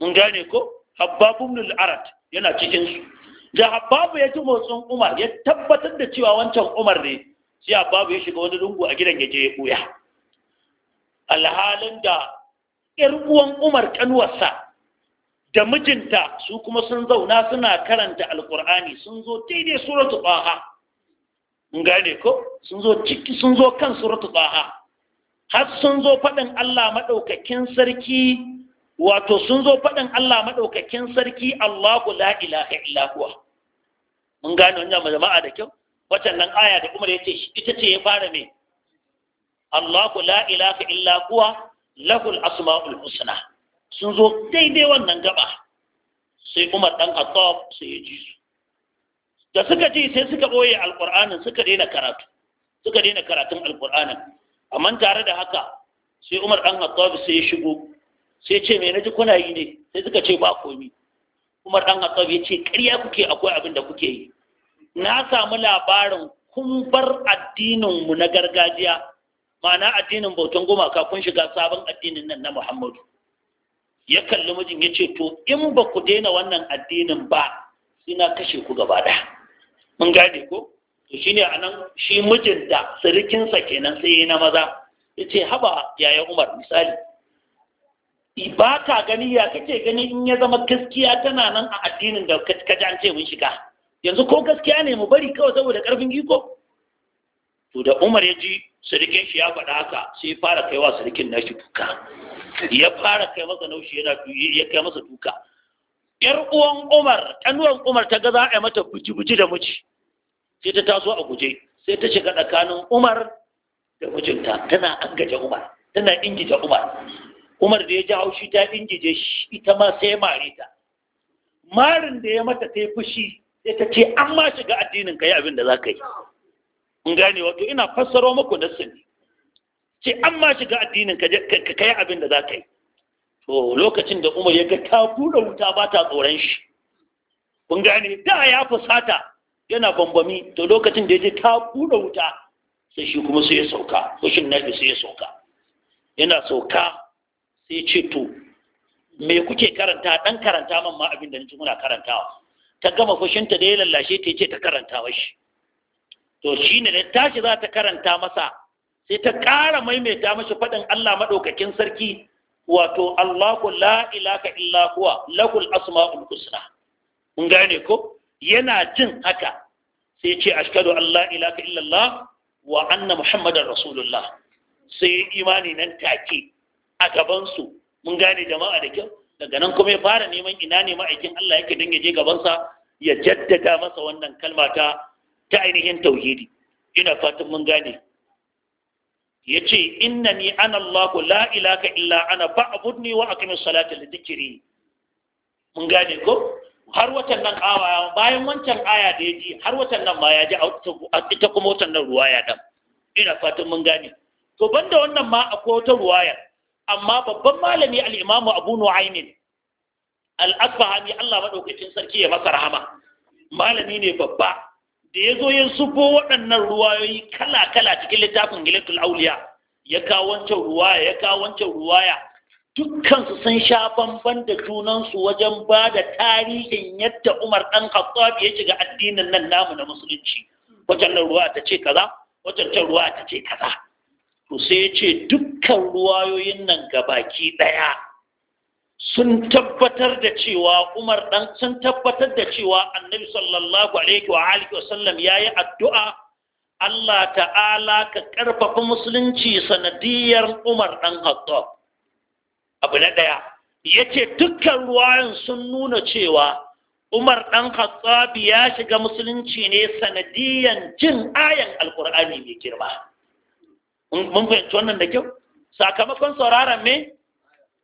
mun gane ko habbabu ibn al-arat yana cikin su da habbabu ya ji motsin umar ya tabbatar da cewa wancan umar ne sai habbabu ya shiga wani lungu a gidan ya je ya buya alhalin da ‘yar uwan umar kanuwarsa da mijinta su kuma sun zauna suna karanta alkur'ani sun zo daidai suratu ɓaha gane ko sun zo ciki sun zo kan suratu ɓaha har sun zo faɗin allah maɗaukakin sarki wato sun zo faɗin Allah maɗaukakin sarki Allahu la ilaha illa kuwa. mun gane wannan mu jama'a da kyau Watan nan aya da Umar yace ita ce ya fara me Allahu la ilaha illa kuwa, lahul asmaul husna sun zo daidai wannan gaba sai Umar dan Khattab sai ya ji da suka ji sai suka boye alqur'anin suka daina karatu suka daina karatun Alƙur'anin. amma tare da haka sai Umar dan Khattab sai ya shigo sai ce me naji kuna yi ne sai suka ce ba komi umar ɗan hatsab ya ce ƙarya kuke akwai abin da kuke yi na samu labarin kun bar addinin na gargajiya ma'ana addinin bautan gumaka kun shiga sabon addinin nan na muhammadu ya kalli mijin ya ce to in ba ku daina wannan addinin ba sai na kashe ku gaba da mun gane ko to shine anan shi mijin da sirikinsa kenan sai na maza ya ce haba yaya umar misali ba ka gani ya kake gani in ya zama gaskiya tana nan a addinin da ka ji an ce mun shiga yanzu ko gaskiya ne mu bari kawai saboda karfin iko to da Umar ya ji sirikin shi ya faɗa haka sai ya fara kaiwa sirikin nashi duka ya fara kai masa naushi yana ya kai masa duka yar uwan Umar uwan Umar ta ga za a yi mata buji-buji da miji sai ta taso a guje sai ta shiga tsakanin Umar da mijinta tana angaje Umar tana ingije Umar umar da ya ji haushi ta ingije shi ita ma sai ya mare ta marin da ya mata ta yi fushi ya ta ce an ma shiga addinin ka yi abin da za ka yi in gane wato ina fassaro maku sani. ce an ma shiga addinin ka yi abin da za ka yi to lokacin da umar ya ga ta bude wuta ba ta tsoron shi kun gane da ya fusata yana bambami to lokacin da ya je ta bude wuta sai shi kuma sai ya sauka fushin nafi sai ya sauka yana sauka sai ce to me kuke karanta dan karanta man ma abin da nake muna karantawa ta gama fushinta da ya lallashe ta ce ta karanta washi to shine da tashi za ta karanta masa sai ta kara maimaita mashi faɗin Allah madaukakin sarki wato Allahu la ilaha illa huwa lakul asma'ul husna mun gane ko yana jin haka sai ce ashkadu Allah ilaha Allah wa anna muhammadar rasulullah sai imani nan take a gabansu mun gane jama'a da kyau daga nan kuma ya fara neman ina ne ma'aikin Allah yake don ya je gabansa ya jaddada masa wannan kalma ta ta ainihin tauhidi ina fatan mun gane ya ce innani ana Allahu la ilaka illa ana fa'budni wa aqimis salata li dhikri mun gane ko har watan nan aya bayan wancan aya da ya ji har watan nan ma ya ji ita kuma watan nan ruwaya dan ina fatan mun gane to banda wannan ma akwai wata ruwayar. amma babban malami Alimamu, imamu abu nu'aymin al-asbahani Allah maɗaukacin sarki ya masa rahama malami ne babba da ya zo ya sufo waɗannan ruwayoyi kala-kala cikin littafin gilatul auliya ya kawo wancan ruwaya ya kawo ruwaya dukkansu sun sha bamban da junansu wajen ba da tarihin yadda umar ɗan khattab ya shiga addinin nan namu na musulunci wajen nan ruwa ta ce kaza wajen can ruwa ta ce kaza to sai ya ce dukkan ruwayoyin nan baki ɗaya sun tabbatar da cewa umar ɗan sun tabbatar da cewa annabi sallallahu alaihi wa alihi wasallam ya yi addu'a Allah ta'ala ka ƙarfafa musulunci sanadiyar umar ɗan hattab abu na ɗaya ya ce dukkan ruwayan sun nuna cewa umar ɗan hattab ya shiga musulunci ne sanadiyan jin ayan alƙur'ani mai girma mun fahimci wannan da kyau sakamakon sauraron me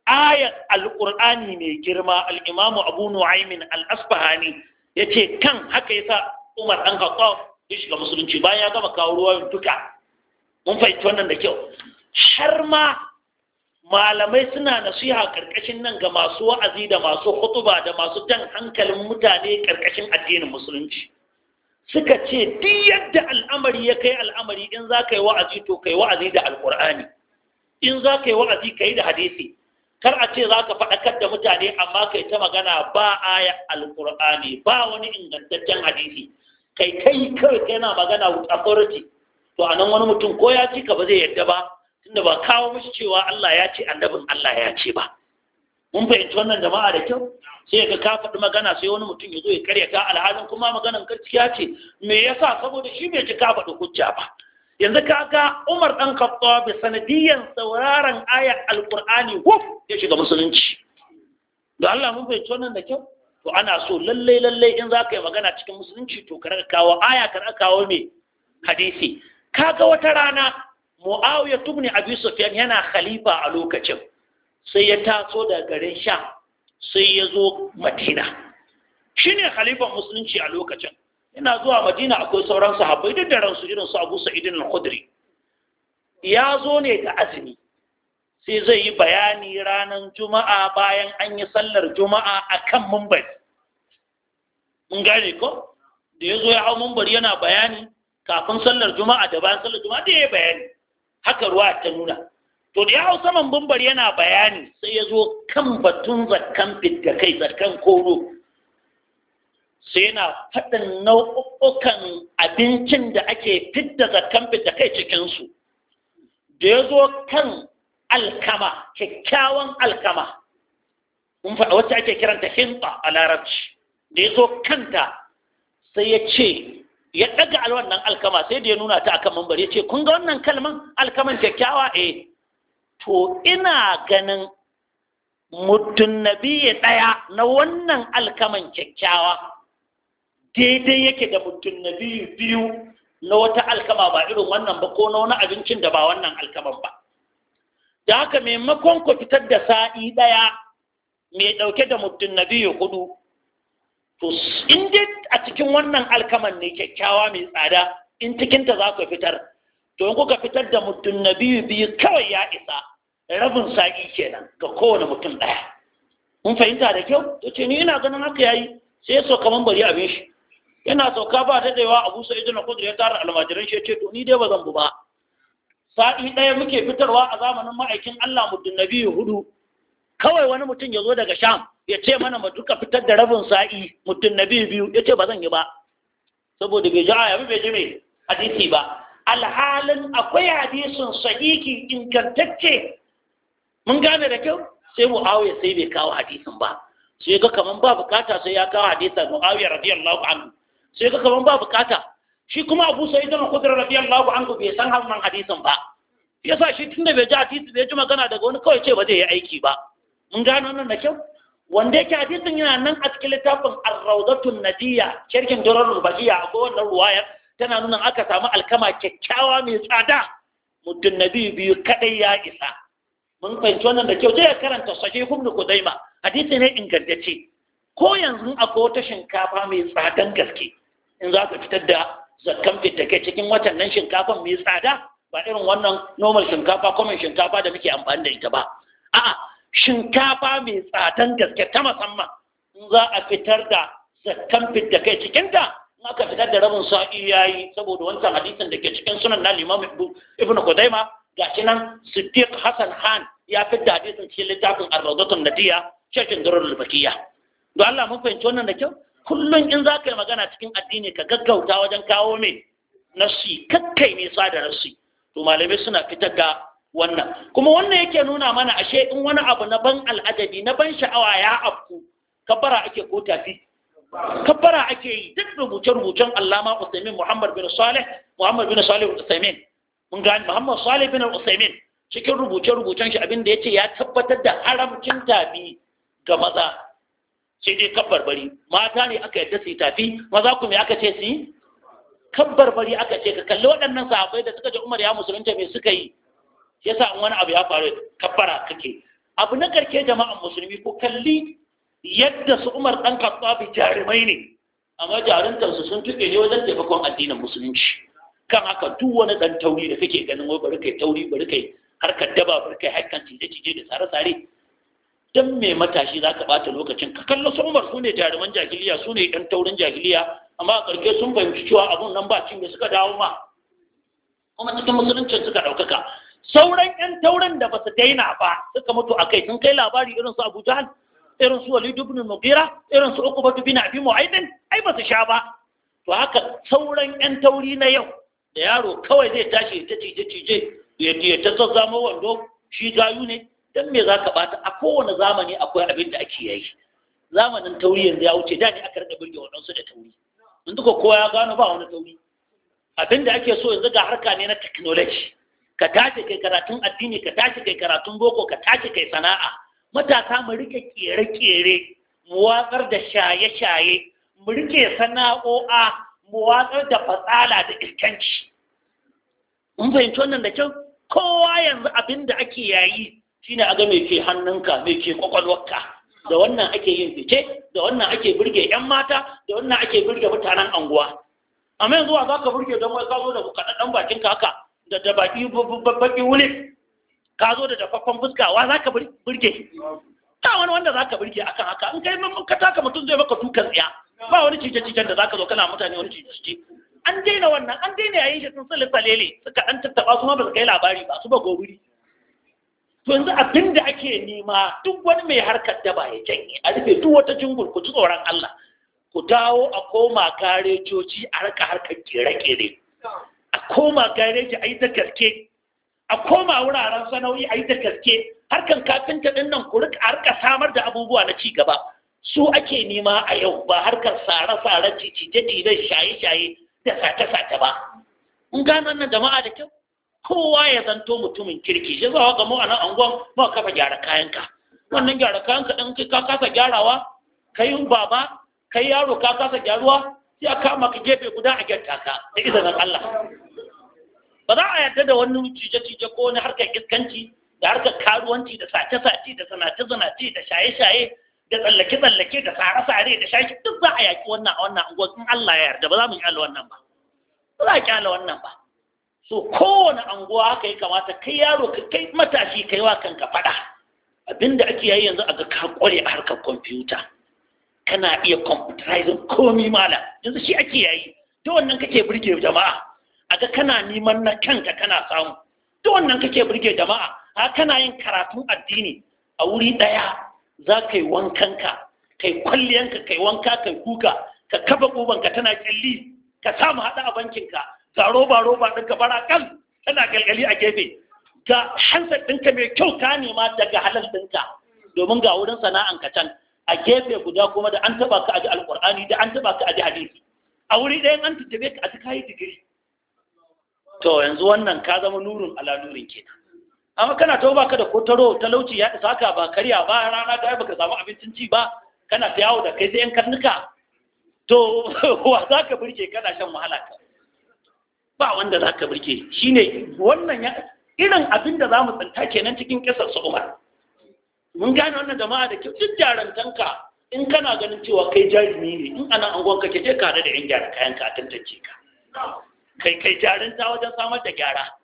ayat alqur'ani ne girma al-imamu abu nu'aymin al-asfahani yace kan haka yasa umar dan hakko ya shiga musulunci bayan ya gama kawo ruwa duka mun fahimci wannan da kyau har ma malamai suna nasiha karkashin nan ga masu wa'azi da masu hutuba da masu jan hankalin mutane karkashin addinin musulunci suka ce duk yadda al'amari ya kai al'amari in za ka yi wa'azi to ka yi wa'azi da alƙur'ani in za ka yi wa'azi ka yi da hadisi kar a ce za ka faɗakar da mutane amma kai ta magana ba aya alƙur'ani ba wani ingantaccen hadisi kai kai kawai kai na magana with authority to anan wani mutum ko ya ci ka ba zai yadda ba tunda ba kawo mishi cewa Allah ya ce annabin Allah ya ce ba mun fahimci wannan jama'a da kyau sai ga ka faɗi magana sai wani mutum ya zo ya karya ka alhalin kuma maganan gaskiya ce me yasa saboda shi bai ji ka faɗi hujja ba yanzu ka ga Umar dan Khattab sanadiyan sauraron ayar Alqur'ani wuf ya shiga musulunci da Allah mun fahimci wannan da kyau to ana so lalle lalle in za ka yi magana cikin musulunci to ka kawo aya ka kawo me hadisi kaga wata rana Muawiya ibn Abi Sufyan yana khalifa a lokacin sai ya taso da garin Sham sai ya zo madina shi ne khalifan musulunci a lokacin ina zuwa madina akwai sauran sahabbai duk da ransu irin su abu sa'idin na khudri ya zo ne da azumi sai zai yi bayani ranar juma'a bayan an yi sallar juma'a a kan mun gane ko da ya zo ya hau mumbar yana bayani kafin sallar juma'a da bayan sallar juma'a da ya bayani haka ruwa ta nuna to da ya hau saman bambar yana bayani sai ya zo kan batun zakkan fidda kai zakan koro sai yana faɗin nau'ukan abincin da ake fidda zakkan fidda kai cikinsu da ya zo kan alkama kyakkyawan alkama mun faɗa wacce ake kiranta hinta a larabci da ya zo kanta sai ya ce ya ɗaga alwannan alkama sai da ya nuna ta akan mambar ya ce kun ga wannan kalman alkaman kyakkyawa eh to ina ganin mutum nabiya ɗaya na wannan alkaman kyakkyawa daidai yake da mutum nabiyu biyu na wata alkama ba irin wannan ba ko na wani abincin da ba wannan alkaman ba da haka maimakon ku fitar da sa'i ɗaya mai ɗauke da mutum nabiyu hudu to in dai a cikin wannan alkaman ne kyakkyawa mai tsada in cikinta za ku fitar to in kuka fitar da mutum biyu kawai ya isa rabin sa'i kenan ga kowane mutum ɗaya mun fahimta da kyau to ce ni ina ganin haka yayi sai ya sauka man bari abin shi yana sauka ba ta daɗewa abu idan na kudu ya tara almajiran shi ya ce to ni dai ba zan bu ba sa'i ɗaya muke fitarwa a zamanin ma'aikin Allah muddin nabi hudu kawai wani mutum ya zo daga sham ya ce mana mu duka fitar da rabin sa'i muddin nabi biyu ya ce ba zan yi ba saboda bai ji aya bai ji mai hadisi ba alhalin akwai hadisin sahihi ingantacce mun gane da kyau sai mu muawiya sai bai kawo hadisin ba sai ga kaman ba bukata sai ya kawo hadisin muawiya radiyallahu anhu sai ga kaman ba bukata shi kuma abu sai da kudrar radiyallahu anhu bai san hannun hadisin ba yasa shi tunda bai ji hadisi bai ji magana daga wani kawai ce ba zai yi aiki ba mun gano nan da kyau wanda yake hadisin yana nan a cikin littafin ar raudatun nadiyya sharhin durarul baqiya a wannan ruwayar tana nuna aka samu alkama kyakkyawa mai tsada mutum nabi biyu kadai ya isa mun fahimci wannan da kyau je ya karanta sahih ibn kudaima hadisi ne ingantacce ko yanzu akwai wata shinkafa mai tsadan gaske in za ka fitar da zakkan fitake cikin watan nan shinkafan mai tsada ba irin wannan normal shinkafa common shinkafa da muke amfani da ita ba a'a shinkafa mai tsadan gaske ta musamman in za a fitar da zakkan fitake cikin ta in aka fitar da rabin sa'i yayi saboda wancan hadisin da ke cikin sunan na Imam Ibn kudaima gashi nan siddiq hassan han ya fi da sun cikin littafin arrazatun nadiya shirkin durul bakiya don allah mun fahimci wannan da kyau kullum in za ka yi magana cikin addini ka gaggauta wajen kawo mai nasi kakkai sa da nassi to malamai suna fitar da wannan kuma wannan yake nuna mana ashe in wani abu na ban al'adadi na ban sha'awa ya afku kabbara ake ko tafi kabbara ake yi duk rubuce-rubucen allama usaimin muhammad bin salih muhammad bin salih usaimin mun gane Muhammad Salih bin Al-Usaimin cikin rubuce-rubucen shi abin da ya ce ya tabbatar da haramcin tafi ga maza sai dai bari mata ne aka yadda su yi tafi maza kuma aka ce su yi bari aka ce ka kalli waɗannan sahabbai da suka ji Umar ya musulunta me suka yi yasa sa wani abu ya faru kabbara kake abu na karke jama'an musulmi ko kalli yadda su Umar dan Khattabi jarumai ne amma jarumtansu su sun tuke ne wajen taimakon addinin musulunci kan haka duk wani dan tauri da kake ganin wai bari kai tauri bari kai harkar daba bari kai harkar cije-cije da sare-sare dan me matashi za ka bata lokacin ka kallo su umar su ne jaruman jahiliya su ne ɗan taurin jahiliya amma a ƙarfe sun fahimci cewa abun nan ba cinye suka dawo ma kuma cikin musuluncin suka ɗaukaka sauran ƴan taurin da ba su daina ba suka mutu a kai sun kai labari irin su abu jahal irin su walid ibn mughira irin su uqba ibn abi mu'aydin ai ba su sha ba to haka sauran yan tauri na yau da yaro kawai zai tashi ta cije cije ya ta zazzamo wando shi gayu ne dan me za ka bata a kowane zamani akwai abin da ake yi zamanin tauri yanzu ya wuce da ne aka rika burge waɗansu da tauri in duka kowa ya gano ba wani tauri abin da ake so yanzu ga harka ne na technology ka tashi kai karatun addini ka tashi kai karatun boko ka tashi kai sana'a matasa mu rike kere-kere mu watsar da shaye-shaye mu rike sana'o'a mu watsar da fatsala da iskanci mun fahimci wannan da kyau kowa yanzu abin da ake yayi shine a ga me ke hannunka me ke kwakwalwarka da wannan ake yin fice da wannan ake burge yan mata da wannan ake burge mutanen anguwa amma yanzu wa za ka burge don wai ka zo da kaɗaɗɗen bakinka haka da da baki baki wuli ka zo da dafaffen fuska wa za ka burge ta wani wanda za ka burge akan haka in kai mun ka taka mutum zai maka tukan tsiya ba wani cike da da ka zo kana mutane wani cike an daina wannan an daina yayin shi sun sulli salele suka an tattaba su ba su kai labari ba su ba gobiri to yanzu abin da ake nema duk wani mai harkar da ba ya janye a rufe duk wata jingul ku ji tsoron Allah ku dawo a koma karejoci a raka harkar kere-kere a koma gareji a yi da gaske a koma wuraren sana'o'i a yi da gaske harkar kafinta ɗin nan ku rika samar da abubuwa na ci gaba su ake nima a yau ba harkar sare-sare cicice shaye-shaye da sace-sace ba in gano nan jama'a da kyau kowa ya zanto mutumin kirki shi zawa ga maana angon ba kafa gyara kayanka wannan gyara kayanka ɗan ka kasa gyarawa ka yi baba ka yi yaro ka kasa gyaruwa sai a kama ka gefe guda a gyarta ka da izinin Allah ba za a yarda da wani cije-cije ko wani harkar iskanci da harkar karuwanci da sace-sace da sanace-sanace da shaye-shaye da tsallake-tsallake da tsare-tsare da shaki duk za a yaƙi wannan a wannan unguwar in Allah ya yarda ba za mu kyale wannan ba ba za a kyala wannan ba so kowane anguwa haka ya kamata kai yaro ka kai matashi kai wa kanka faɗa abinda ake yayi yanzu a ga ka kware a harkar kwamfuta kana iya computerizing komi malam yanzu shi ake yayi ta wannan kake burge jama'a a ga kana neman na kanka kana samu ta wannan kake burge jama'a ha kana yin karatun addini a wuri ɗaya za ka yi wankanka ka yi kwalliyanka ka yi wanka ka yi kuka ka kafa ka tana ƙyalli, ka samu haɗa a bankinka ga roba roba ɗin ka bara kan tana ƙalƙali a gefe Ka hansar ɗinka mai kyau ka nema daga halal ɗinka domin ga wurin sana'an ka can a gefe guda kuma da an taɓa ka a ji alƙur'ani da an taɓa ka a ji hadisi a wuri ɗaya an tuttabe ka a ji kayi digiri to yanzu wannan ka zama nurin ala nurin kenan amma kana tawo baka da kotaro talauci ya isa ka ba karya ba rana da baka samu abincin ci ba kana ta yawo da kai sai yan karnuka to wa za ka burke kana shan wahala ka ba wanda za ka burke shine wannan ya irin abin da za mu tsinta kenan cikin kisar su umar mun gane wannan jama'a da kyau duk jarantanka in kana ganin cewa kai jarumi ne in ana angon ka je kare da yan gyara kayan ka a tantance ka kai kai jarinta wajen samar da gyara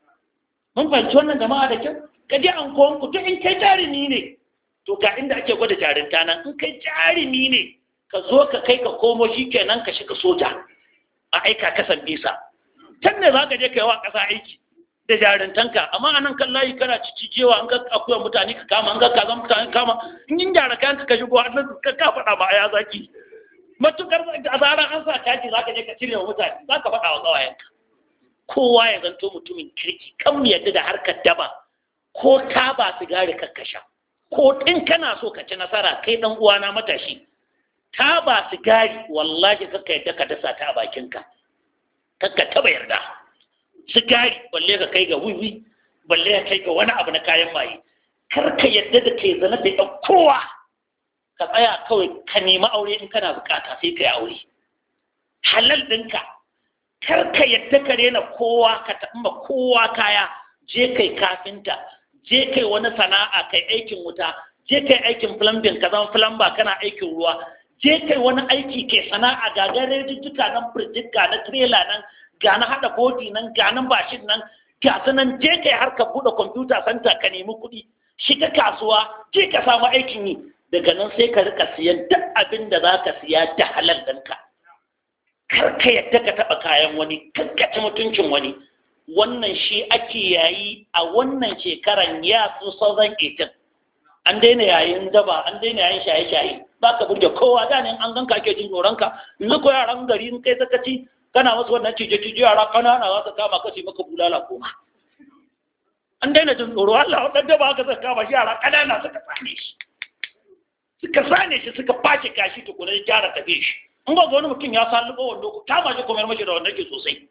mun fahimci wannan jama'a da kyau ka je an kowanku to in kai jarumi ne to ga inda ake gwada jarinta nan in kai jarumi ne ka zo ka kai ka komo shi kenan ka shiga soja a aika kasan bisa can ne za ka je ka yi wa ƙasa aiki da jarintanka amma anan kan layi kana cici jewa an ga akwai mutane ka kama an ga kaza mutane kama in yin gyara kayan ka shigo har ka ka faɗa ma aya zaki matukar da zaran an sa caji za ka je ka cire wa mutane Za ka faɗa wa ƙawayenka kowa ya zanto mutumin kirki kan mu yadda da harkar daba ko ta ba sigari kakkasha ko in kana so ka ci nasara kai dan uwana matashi ta ba sigari wallahi kakka yadda ka dasa ta a bakinka kakka taba yarda sigari balle ka kai ga wiwi balle ka kai ga wani abu na kayan maye kar ka yadda da kai zana da ɗan kowa ka tsaya kawai ka nemi aure in kana bukata sai ka yi aure halal ɗinka kar ka yadda ka rena kowa ka taɓa kowa kaya je kai kafinta je kai wani sana'a kai aikin wuta je kai aikin filambin ka zama flamba kana aikin ruwa je kai wani aiki kai sana'a ga ga rejujjuka nan firjika na tirela nan ga na haɗa bodi nan ga nan bashin nan ga nan je kai har ka buɗe kwamfuta santa ka nemi kuɗi shiga kasuwa je ka samu aikin yi daga nan sai ka rika siyan duk abin da za ka siya da halal ɗinka kar ka yadda ka taɓa kayan wani kar ka mutuncin wani wannan shi ake yayi a wannan shekaran ya su sauran etin an daina yayin daba an daina yayin shaye-shaye ba ka burge kowa da ne an ganka ake jin tsoronka yanzu ko yaran gari in kai sakaci kana wasu wannan cije-cije yara kanana za su kama kashi maka bulala koma an daina jin tsoro Allah wannan daba aka saka kama shi yara kanana suka sane shi suka sane shi suka bace kashi tukuna ya gyara tafe shi in ga wani mutum ya sa lubo wando ku kama shi kuma mashi da wanda ke sosai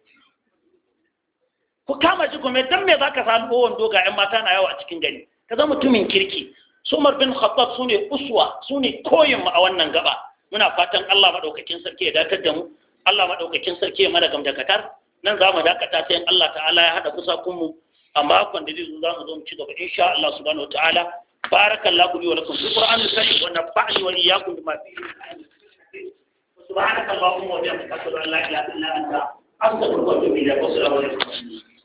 ku kama shi kuma dan me zaka sa lubo wando ga 'yan mata na yawa a cikin gari ka zama mutumin kirki sumar Umar bin Khattab su ne uswa su ne koyin mu a wannan gaba muna fatan Allah madaukakin sarki ya datar da mu Allah madaukakin sarki ya mana gamdakatar nan za mu dakata sai Allah ta'ala ya hada kun mu a makon da zai zo za mu zo mu ci gaba insha Allah subhanahu wa ta'ala barakallahu li wa lakum fil qur'anil karim wa nafa'ni wa iyyakum bima fihi سبحانك اللهم وبحمدك أشهد أن لا إله إلا أنت أستغفرك وأتوب إليك والسلام عليكم ورحمه الله